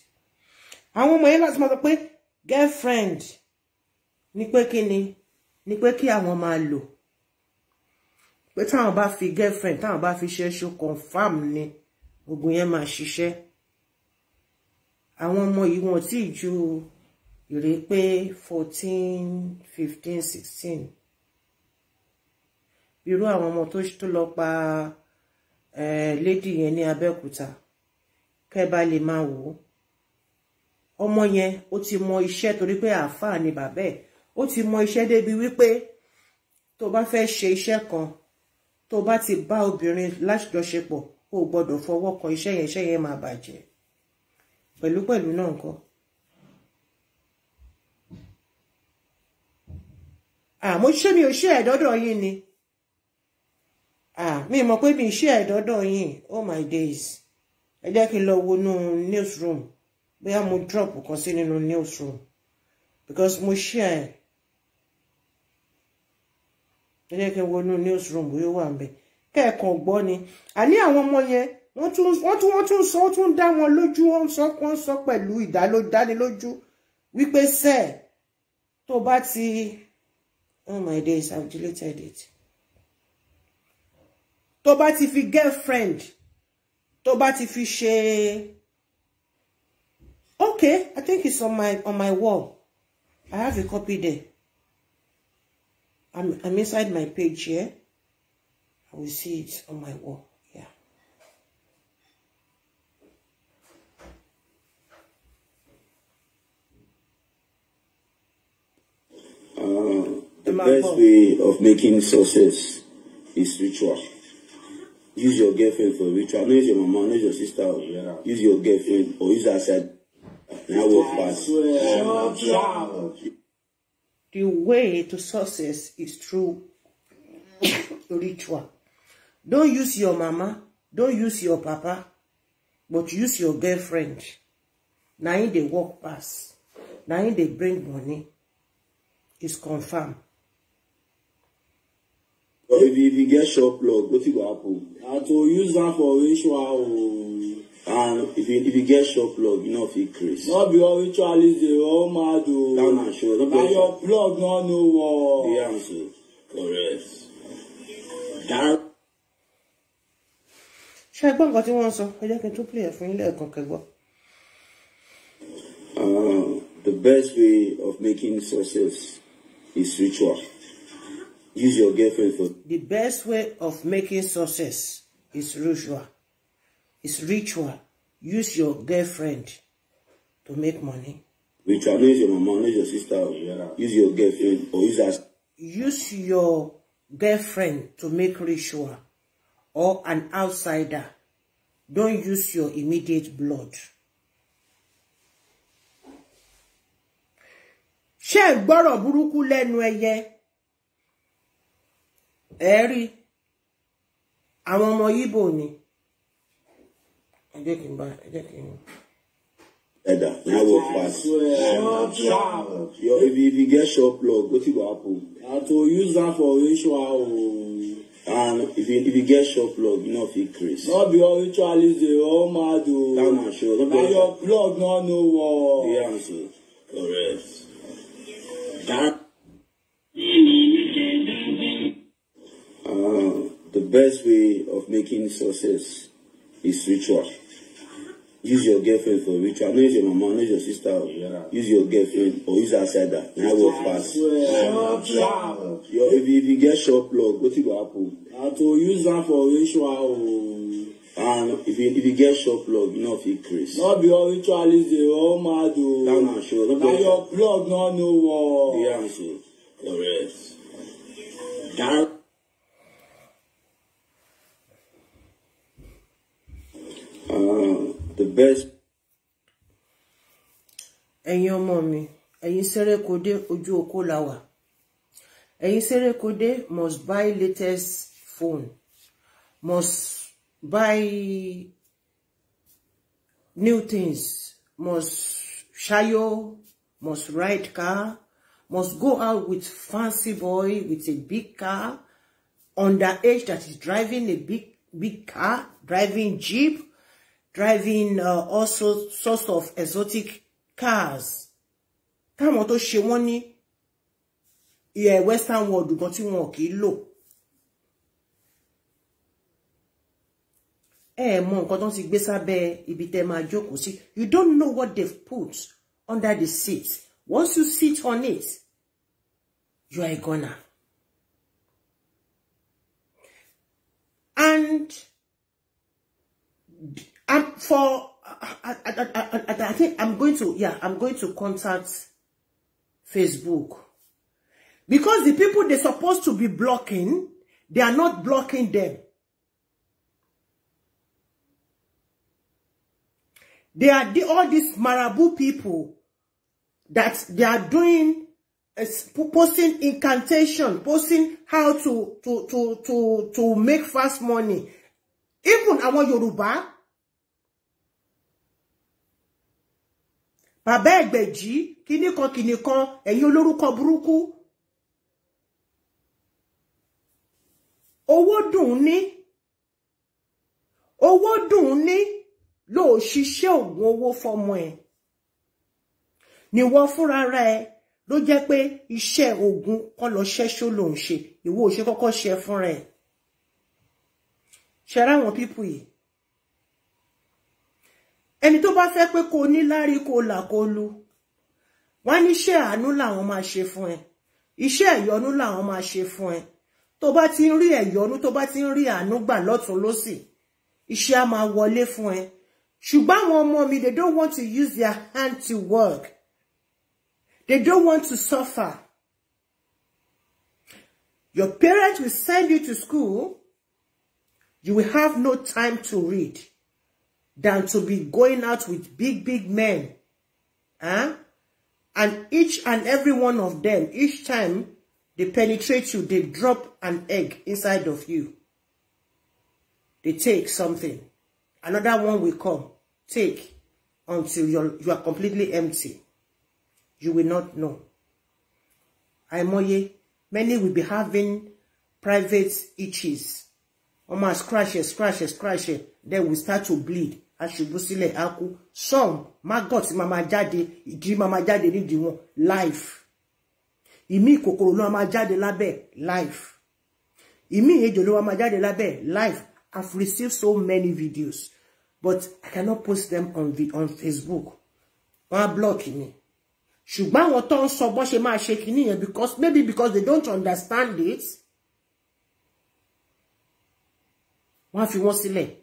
àwọn ọmọ yẹn láti máa pé girlfriend ni pé kí ni ni pé kí àwọn máa lò pé táwọn bá fi girlfriend táwọn bá fi ṣẹ́ṣó confam ni ogun yẹn máa ṣiṣẹ́ àwọn ọmọ yìí wọn tí ju ìrè pé fourteen fifteen sixteen irú àwọn ọmọ tó tó lọ pa eh, lady yẹn ní Abẹ́òkúta kẹ́ bá lè máa wò ó ọmọ yẹn ó ti mọ iṣẹ́ torí pé àáfàá ni bàbá ẹ̀ ó ti mọ iṣẹ́ débi wípé tó bá fẹ́ ṣe iṣẹ́ kan tó bá ti bá obìnrin lájọṣepọ̀ o gbọ́dọ̀ fọwọ́ kan iṣẹ́ yẹn iṣẹ́ yẹn máa bàjẹ́ pẹ̀lúpẹ̀lú náà nǹkan àmọ́ ṣé mi ò ṣe ẹ̀dọ́dọ̀ yín ni mi mọ̀ pé mi ṣe ẹ̀dọ́dọ̀ yín oh my days ẹ jẹ́ kí n lọ wọnú newsroom bóyá mo drop kan sí nínú newsroom because mo ṣe ẹ̀ ẹ jẹ́ kí n wọnú newsroom bóyá wà ń bẹ̀ kẹ́ẹ̀kan gbọ́ ni àní àwọn ọmọ yẹn wọ́n tún wọ́n tún sọ wọ́n tún dá wọn lójú wọ́n sọ wọ́n sọ pẹ̀lú ìdánilójú wípé sẹ́ẹ̀ tó bá ti oh my days I've deleted it tó bá ti fi girlfriend tó bá ti fi ṣe okay I think it's on my on my wall I have a copy there I'm, I'm inside my page here. I will see it on my wall. Yeah. Um, the best way of making success is ritual. Use your girlfriend for ritual. Not use your mama, not your sister. Use your girlfriend or use her side. Now work fast. The way to success is through ritual. Don't use your mama, don't use your papa, but use your girlfriend. Now in the work pass. now in the bring money. It's confirmed. If you, if you get shop plug, what will happen? I to use that for ritual. Oh. And if you if you get short plug, you know if it increase. No be all rituals oh, dey all mad o. That na sure. No be all. Na your plug no know war. The answer. Correct. That. Ṣé ẹ gbọ́ nǹkan tí wọ́n sọ? Ẹ jẹ́ kí n tún play ẹ̀ fún ilé ẹ̀kan kẹgbọ́. Uh, the best way of making success is ritual. Use your girlfriend for. The best way of making success is ritual. It's ritual. Use your girlfriend to make money. Ritual means your mama, not your sister. Use your girlfriend or use us. Use your girlfriend to make ritual or an outsider. Don't use your immediate blood. ṣé gbọ́rọ̀ burúkú lẹ́nu ẹyẹ ẹ̀rí àwọn ọmọ yíbò ni ẹ jẹ́ kí n bá ẹ jẹ́ kí n. ẹ̀dà na work pass your if you, if you get short plug wetin go happen. na to use that for ritual o. and if you if you get short plug you no fit craze. no be all ritualist dey all mad o. that na sure na your plug no know war. the answer correct. that. Uh, the best way of making success is ritual use your girlfriend for ritual Not use your mama Not use your sister yeah. use your girlfriend or use outsider na work pass your if you if you get short plug what will happen. I to use that for ritual oh. and if you if you get short plug you no fit craze. no be all is the run mad o. Oh. that na sure no your plug not no know war. the answer correct. Um, the best. ẹ̀yin ọmọ mi ẹ̀yin sẹ́rẹ́kọdé ojú oko la wà ẹ̀yin sẹ́rẹ́kọdé must buy latest phone must buy new things must ṣayọ must ride car must go out with fancy boy with a big car underage that is driving a big big car driving jeep driving uh, also sorts of exotic cars táwọn tó ṣe wọ́n ní ìyẹ̀ western world gan tí wọn kì í lò ẹ mọ nǹkan tó ń ti gbé sábẹ́ ibi tẹ́ máa jókòó sí you don't know what they've put under the seat once you sit on it you are a goner and And for, I, I, I, I, I think I'm going to, yeah, I'm going to contact Facebook. Because the people they're supposed to be blocking, they are not blocking them. They are the, all these Marabu people that they are doing uh, posting incantation, posting how to to to to to make fast money. Even àwọn Yoruba. bàbá ẹgbẹ̀jì kinní kan kinní kan ẹ̀yin olórúkọ burúkú owó dùn ní owó dùn ní ló ṣiṣẹ́ òògùn owó fọmọ ẹ̀ ni wọ́n fúnra rẹ̀ ló jẹ́ pé iṣẹ́ òògùn kọ́ lọ ṣẹ́ṣó lòún ṣe ìwọ ò ṣe kọ́kọ́ ṣe fúnra àwọn pípù yìí ẹni tó bá fẹ́ pé kó níláárí kó là kó lu wọ́n ní iṣẹ́ àánú làwọn máa ṣe fún ẹ iṣẹ́ ìyọnú làwọn máa ṣe fún ẹ tó bá ti ń rí ẹ̀yọnú tó bá ti ń rí àánú gbà lọ́tún lọ́sì iṣẹ́ á máa wọlé fún ẹ ṣùgbọ́n àwọn ọmọ mi they don't want to use their hand to work they don't want to suffer your parents will send you to school you will have no time to read than to be going out with big, big men. Huh? And each and every one of them, each time they penetrate you, they drop an egg inside of you. They take something. Another one will come. Take until you're, you are completely empty. You will not know. Àìmọye, many will be having private itches. Almost scratches, scratches, scratches. Then we start to bleed á ṣubú sílẹ̀ á kú some maggot máa máa jáde ìdí máa máa jáde nídìí wọn life ìmí kòkòrò náà máa jáde lábẹ́ life ìmí ejò ló wá máa jáde lábẹ́ life I've received so many videos but I cannot post them on the on Facebook wọ́n á block mi ṣùgbọ́n àwọn tó ń sọ bó ṣe máa ṣe kìíní yẹn because maybe because they don't understand it wọ́n á fi wọ́n sílẹ̀. Si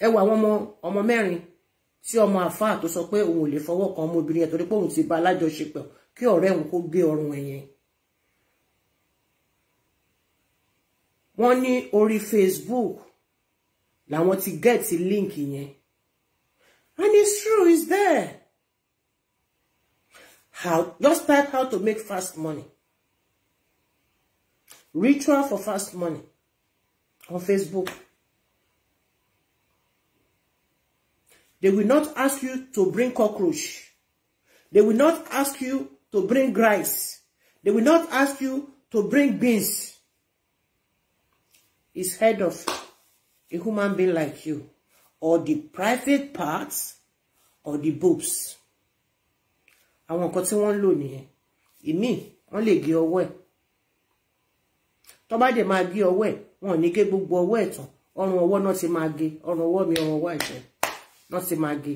ẹ wo àwọn ọmọ ọmọ mẹ́rin tí ọmọ àfáà tó sọ pé òun ò lè fọwọ́ kan ọmọbìnrin ẹ̀ torí pé òun ti bá alájọṣepọ̀ kí ọ̀rẹ́ òun kó gé ọrùn ẹ̀yẹn wọ́n ní orí Facebook làwọn ti get link yẹn and it's true it's there how just type how to make fast money ritual for fast money on Facebook. They will not ask you to bring cockroach. They will not ask you to bring rice. They will not ask you to bring beans. It's head of a human being like you, or the private parts, or the boobs. I nǹkan tí wọ́n ń lò nìyẹn. Ìmí, wọ́n lè gé ọwọ́ ẹ̀. Tó bá dẹ̀ máa gé book ẹ̀, wọn ò ní gé gbogbo ọwọ́ ẹ̀ tán. Ọrùn ọwọ́ náà ti wọ́n ti máa gé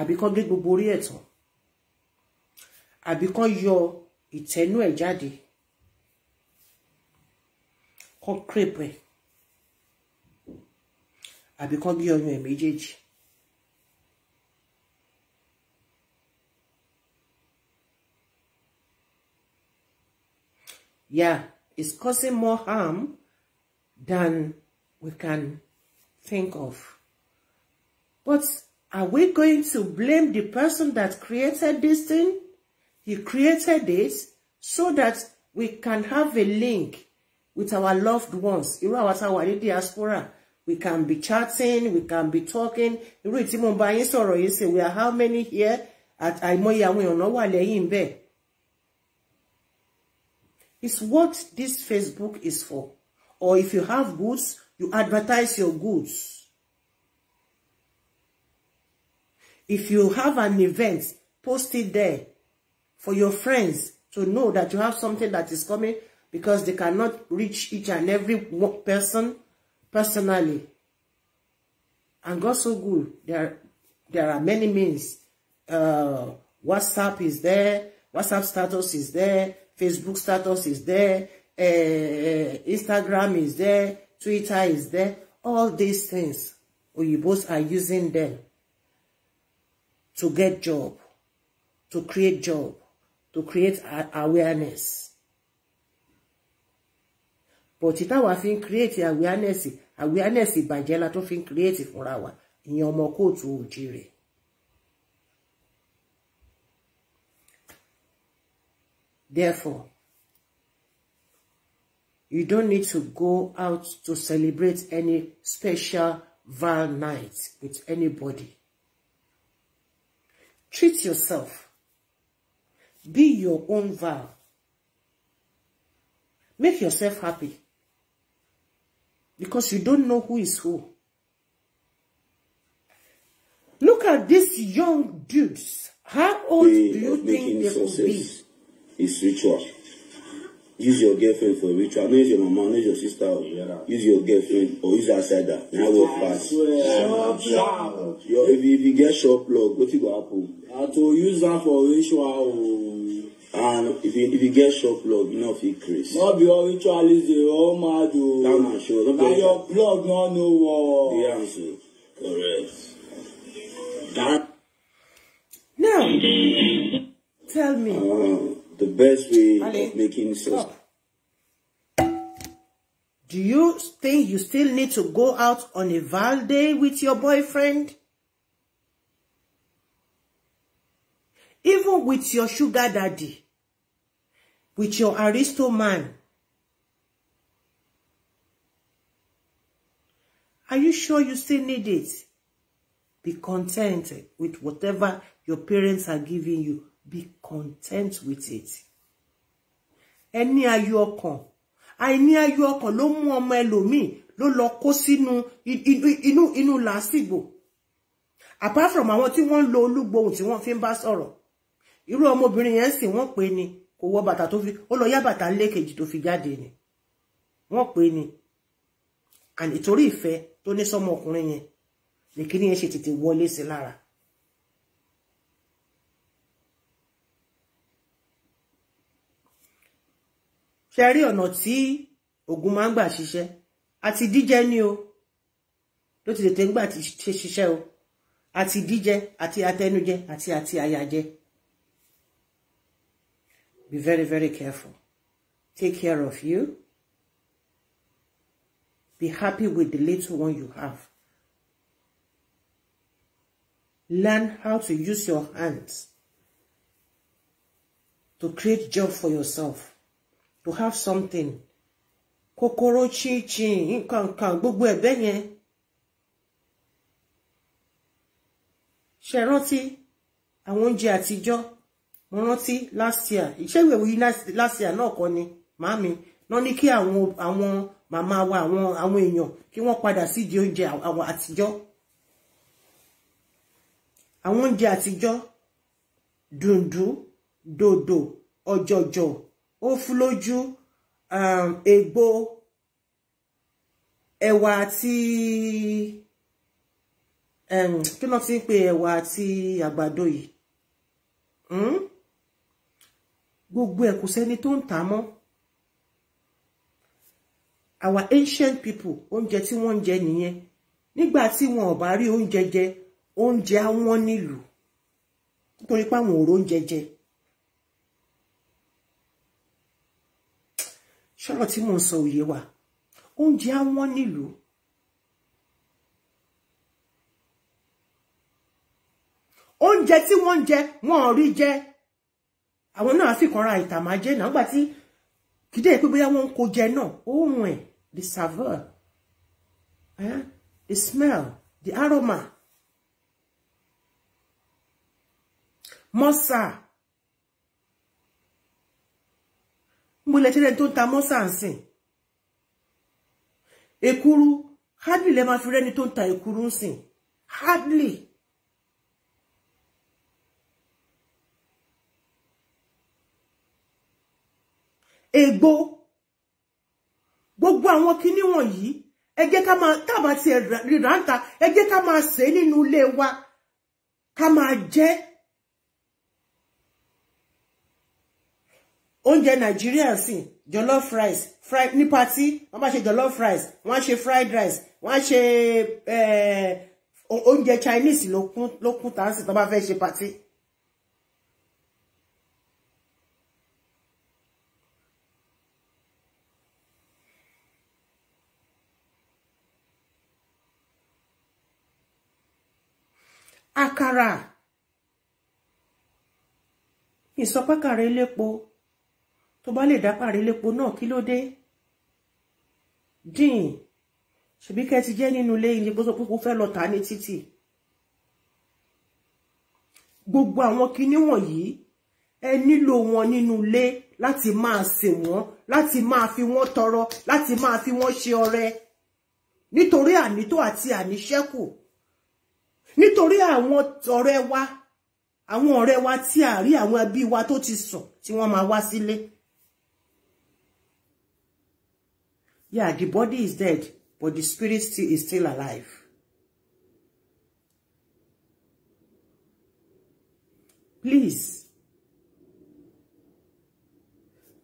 àbí kán gé gbogbo orí ẹ̀ tán àbí kán yọ ìtẹ́nú ẹ̀ jáde kán crepe ẹ̀ àbí kán gé ọyàn ẹ̀ méjèèjì. Yeah, it's causing more harm than we can think of. But are we going to blame the person that created this thing? He created it so that we can have a link with our loved ones. Irú àwa tá diaspora. We can be chatting, we can be talking. Irú tí mo bá yín sọ̀rọ̀ we are how many here? At àìmọye àwọn èèyàn náà wà lẹ́yìn bẹ́ẹ̀. It's what this Facebook is for. Or if you have goods, You advertise your goods. If you have an event, post it there for your friends to know that you have something that is coming because they cannot reach each and every person personally. And God so good. There, there are many means. Uh, WhatsApp is there. WhatsApp status is there. Facebook status is there. Uh, Instagram is there. Twitter is there. All these things, Oyibos are using them to get job, to create job, to create awareness. But it our fin create awareness, awareness ìbàjẹ́ la tó fin create fúnra wa, ìyẹn ọmọ to òjìrè. Therefore, You don't need to go out to celebrate any special vow night with anybody. Treat yourself. Be your own vow. Make yourself happy. Because you don't know who is who. Look at these young dudes. How old the do you think they will be? It's ritual use your girlfriend for ritual no use your mama no use your sister o use your girlfriend or use outsider na work pass your if you if you get short plug what will happen. I to use that for ritual oh. and if you if you get short plug you know if it craze. Not be all is the run mad o. Oh. that one sure no be your plug no know war. the answer correct. That... now tell me. Um, the best way Ali, of making sense. Do you think you still need to go out on a Val day with your boyfriend? Even with your sugar daddy, with your aristo man, Are you sure you still need it? Be content with whatever your parents are giving you be content with it ẹni ayọ̀ ọkàn àìní ayọ̀ ọkàn ló mú ọmọ ẹlòmíì ló lọ kó sínú inú inú làásìgbò apart from àwọn tí wọ́n ń lo olúgbohùn tí wọ́n fi ń bá sọ̀rọ̀ irú ọmọbìnrin yẹn sì wọ́n pè ní kò wọ bàtà tó fi ó lọ yá bàtà lẹ́ẹ̀kejì tó fi jáde ni wọ́n pè ní ànítorí ìfẹ́ tó ní sọ́mọ ọkùnrin yẹn nìkíní yẹn ṣe tètè wọlé sí lára ṣe ọ̀nà tí oògùn máa ń gbà ṣiṣẹ́ àti díjẹ ni o ló ti tètè ń gbà ti ṣiṣẹ́ o àti díjẹ àti atẹnujẹ àti àti àyàjẹ be very very careful take care of you be happy with the little one you have learn how to use your hands to create job for yourself to have something kòkòrò chinchin nǹkankan gbogbo ẹ̀bẹ́ yẹn ṣe rántí àwọn oúnjẹ àtijọ́ mo rántí last year ìṣèwé wo last year náà kọ́ ni màámi náà ní kí àwọn àwọn màmá wa àwọn àwọn èèyàn kí wọ́n padà sídìí oúnjẹ àwọn àtijọ́ àwọn oúnjẹ àtijọ́ dùndún dòdò ọ̀jọ̀jọ̀ ó fú um, egbò ẹ̀wà àti um, kí náà ti ń pe ẹ̀wà àti àgbàdo yìí hmm? gbogbo ẹ̀ kò sẹ́ni tó ń tà mọ́ our ancient people oúnjẹ tí wọ́n ń jẹ nìyẹn nígbà tí wọn ò bá rí oúnjẹ jẹ oúnjẹ á wọ́n nílùú nítorí pé àwọn òrò oúnjẹ jẹ. jẹ ṣọ́rọ̀ tí mò ń sọ òye wa oúnjẹ á wọ́n nílùú oúnjẹ tí wọ́n ń jẹ wọ́n ò rí jẹ àwọn náà fi kanra ìtàmájẹ náà gbà tí kìdé pé bóyá wọ́n ń kó jẹ náà òun ẹ̀ the savor eh? the smell the aroma mọ́sà. mo lè ṣẹlẹ̀ tó ń ta mọ́sà ń sìn èkúrú hardly lè máa fi rẹ́ni tó ń ta èkúrú ń sìn hardly. egbò gbogbo àwọn kinní wọ̀nyí ẹ jẹ́ ká máa tábà ti rírà ń ta ẹ jẹ́ ká máa sè é nínú ilé wa ká máa jẹ́ oúnjẹ nàìjíríà sìn jollof rice fried. ní patí wọ́n bá ṣe jollof rice wọ́n á ṣe fried rice wọ́n á ṣe eh, oúnjẹ chinese ló kún ló kún tàǹsì tó bá fẹ́ ṣe patí. àkàrà ìsọpákàrà elépo tó bá lè dápà rí lépo náà kí ló dé dín ṣebí kẹ́ ti jẹ́ nínú ilé yìí bó sọ pé kò fẹ́ lọ tà ní títì gbogbo àwọn kinní wọ̀nyí ẹ nílò wọn nínú ilé láti máa sè wọ́n láti máa fi wọ́n tọrọ láti máa fi wọ́n ṣe ọrẹ nítorí ànító àti àníṣẹ́kù nítorí àwọn ọ̀rẹ́ wa àwọn ọ̀rẹ́ wa tí a rí àwọn ẹbí wa tó ti sùn tí wọ́n máa wá sílé. Si Yeah, the body is dead, but the spirit still is still alive. Please.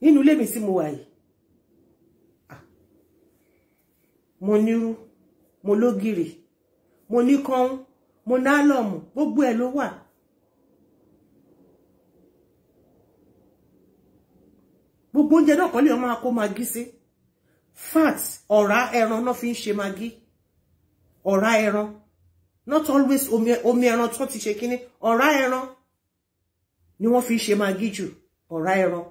Nínú ilé mi tí mo wà yìí. Ah. Mo nírú, mo lógìrì, mo ní kọ́ún, mo nálọ̀mù, gbogbo ẹ̀ ló wà. Gbogbo oúnjẹ náà kọ́ lè máa kó máa gí fat ọ̀rá ẹran náà fi ń ṣe magi ọ̀rá ẹran not always omi omi ẹran tó ti ṣe kíní ọ̀rá ẹran ni wọ́n fi ń ṣe magi jù ọ̀rá ẹran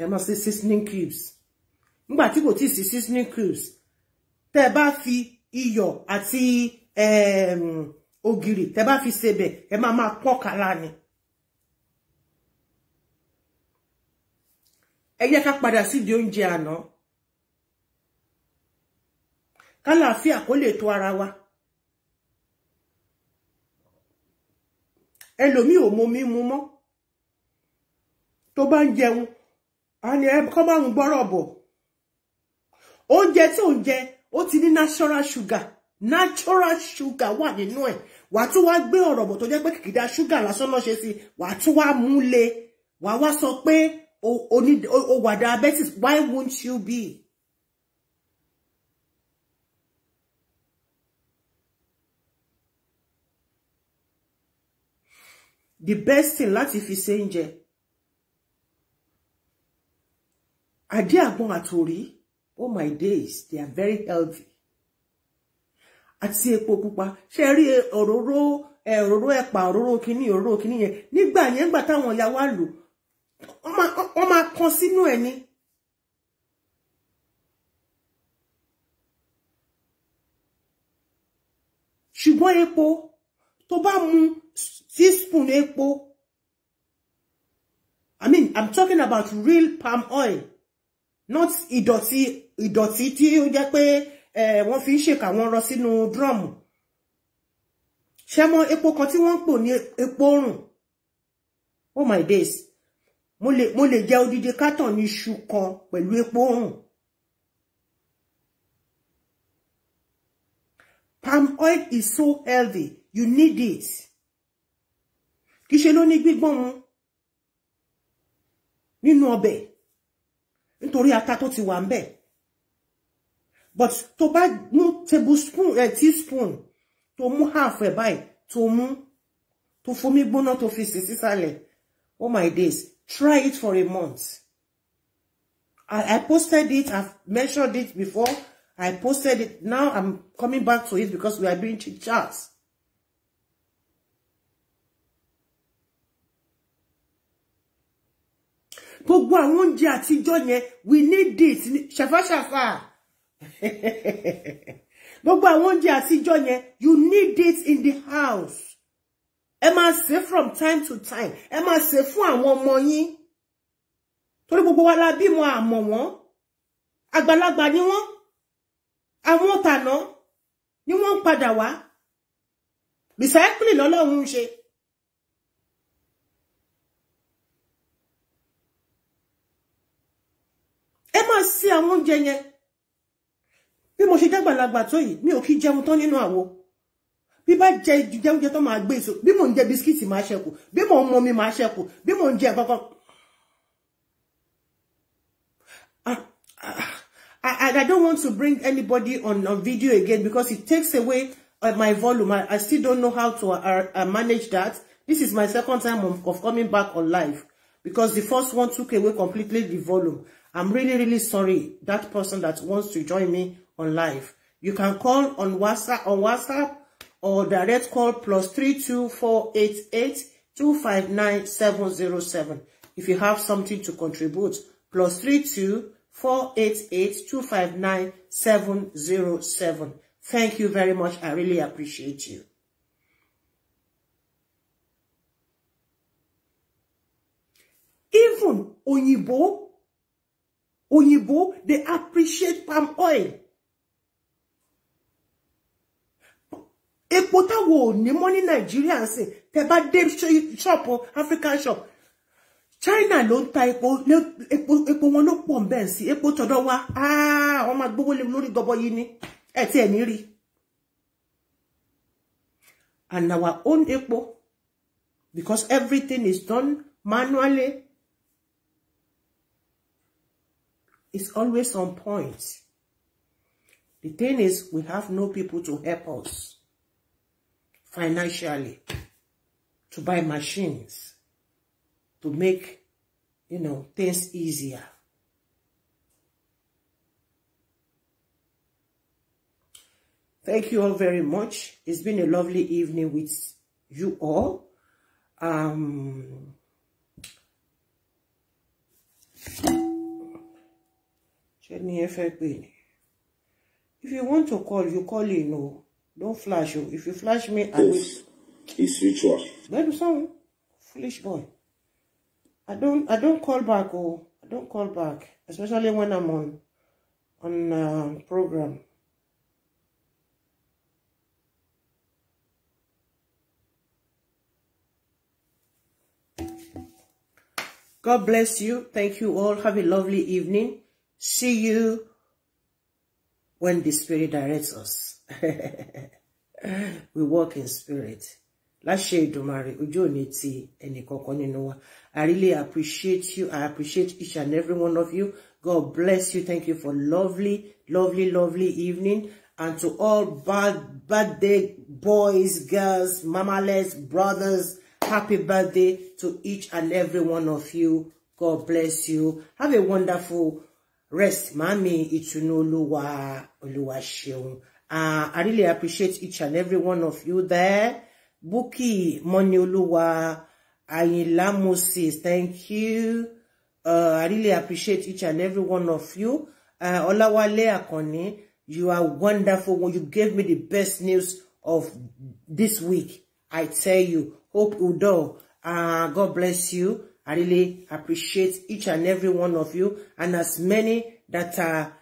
ẹ máa ṣe seasoning cubes nígbà tí kò tí ì sí seasoning cubes tẹ́ bá fi iyọ̀ àti ehm, ògìrì tẹ́ bá fi sebẹ̀ ẹ máa máa pọ̀ kálá ni. ẹ yẹ ká padà sídìí oúnjẹ àná. kálàáfíà ko lè to ara wa o mo momi mu mọ́ tó bá ń jẹun a ní ẹ kọ́ bá ń gbọ́rọ̀ bọ̀ oúnjẹ tí o ti ni natural sugar natural sugar wa ninu e wà tún wa gbe ọ̀rọ̀ to je pe kikida kìkìdá sugar lásán náà se si wà tún wá mú le wà wa sọ pe o ní o wada diabetes why won't you be? the best thing láti fi ṣe ńjẹ ade àgbọn àtòrí oh my days they are very healthy àti epo pupa ṣé rí òróró òróró ẹ̀pà òróró kíní òróró kíní yẹn nígbà yẹn gbà táwọn ìyá wa lò wọ́n máa kan sínú ẹ̀ ni ṣùgbọ́n epo tó bá mu teaspoon epo I mean I'm talking about real palm oil not ìdọ̀tí ìdọ̀tí tí ó jẹ́ pé eh wọ́n fi ṣèkà wọ́n rọ sínú drum ṣé mọ epo kan tí wọ́n pò ní epo rùn oh my days mo le mo le jẹ odidi carton ní iṣu kan pẹ̀lú epo rùn palm oil is so healthy You need it. Kì í ṣe ló ní gbígbọ́n wọn nínú ọbẹ̀ nítorí ata to ti wà ń But to bá mú tablespoon ẹ̀ eh, teaspoon To mu half ẹ̀ báyìí tó mú tó fomi gbóná tó fi sí sísàlẹ̀. Oh my days, try it for a month. I, I posted it, I've measured it before. I posted it. Now I'm coming back to it because we are doing chit chats. gbogbo àwọn oúnjẹ àtijọ́ yẹn we need it ṣàfàṣàfà gbogbo àwọn oúnjẹ àtijọ́ yẹn you need it in the house ẹ máa ṣe from time to time ẹ máa ṣe fún àwọn ọmọ yín torí gbogbo wa la bímọ àmọ́ wọn àgbàlagbà ni wọ́n àwọn tàná ni wọ́n ń padà wá recycling lọ́lọ́run ṣe. ẹ máa ṣe àwọn oúnjẹ yẹn bí mo ṣe jágbàlagbà tó yìí mi ò kí jẹun tán nínú àwo bí bá jẹ jẹunjẹ tó máa gbé èso bí mò ń jẹ bisikíìtì máa ṣẹ́kù bí mò ń mọmi máa ṣẹ́kù bí mò ń jẹ kankan. I, ah, ah, ah, I don't want to bring anybody on, on video again because it takes away uh, my volume. I, I still don't know how to uh, uh, manage that. This is my second time of, of coming back on live because the first one took away completely the volume. I'm really, really sorry, that person that wants to join me on live. You can call on WhatsApp, on WhatsApp or direct call plus 32488259707. If you have something to contribute, plus 32488259707. Thank you very much. I really appreciate you. Even Onyibo Òyìnbó, they appreciate palm oil. Epo táwọn ò ní money Nigeria Nàìjíríà ń sìn, tẹ́ shop dé African shop. China ló ń ta epo, epo, epo wọn ló pọ̀ ń bẹ̀ sí, epo tọ̀dọ̀ wa, ah, wọ́n máa gbówó lé lórí gọbọ yìí ni, ẹ̀ tí ẹ̀ ní rí. And our own epo, because everything is done manually is always on point. The thing is, we have no people to help us financially to buy machines, to make, you know, things easier. Thank you all very much. It's been a lovely evening with you all. Um, ṣẹ́ni ẹ fẹ́ pè ní. if you want to call you call in o don't flash o oh. if you flash me i will. it's ritual. gbẹ́dùn sọ́run foolish boy i don't i don't call back oh. i don't call back especially when i'm on on um, program. God bless you. Thank you all. Have a lovely evening. See you when the Spirit directs us. we walk in spirit. I really appreciate you. I appreciate each and every one of you. God bless you. Thank you for lovely, lovely, lovely evening. And to all bad, birthday boys, girls, mamas, brothers, happy birthday to each and every one of you. God bless you. Have a wonderful rest mami ìtùnú olúwa olúwa ṣeun uh, i really appreciate each and every one of you there buki monioluwa ayinla moses thank you uh, i really appreciate each and every one of you uh, olawale akoni you are wonderful you gave me the best news of this week i tell you hope udo uh, ah, god bless you I really appreciate each and every one of you and as many that are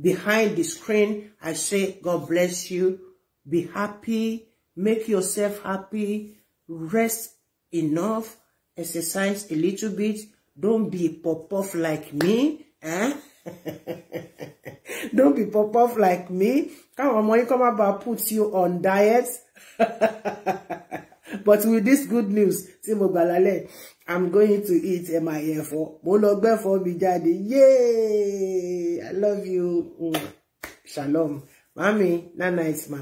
behind the screen. I say, God bless you. Be happy. Make yourself happy. Rest enough. Exercise a little bit. Don't be pop-off like me. Eh? Don't be pop-off like me. Come on, you come about put you on diet. but with this good news tí mo gbà lálẹ́ i'm going to eat ẹ̀mà ẹ̀fọ́ mo lọ gbẹ́fọ́ mi jáde yay i love you mm. shalom mami na nice ma.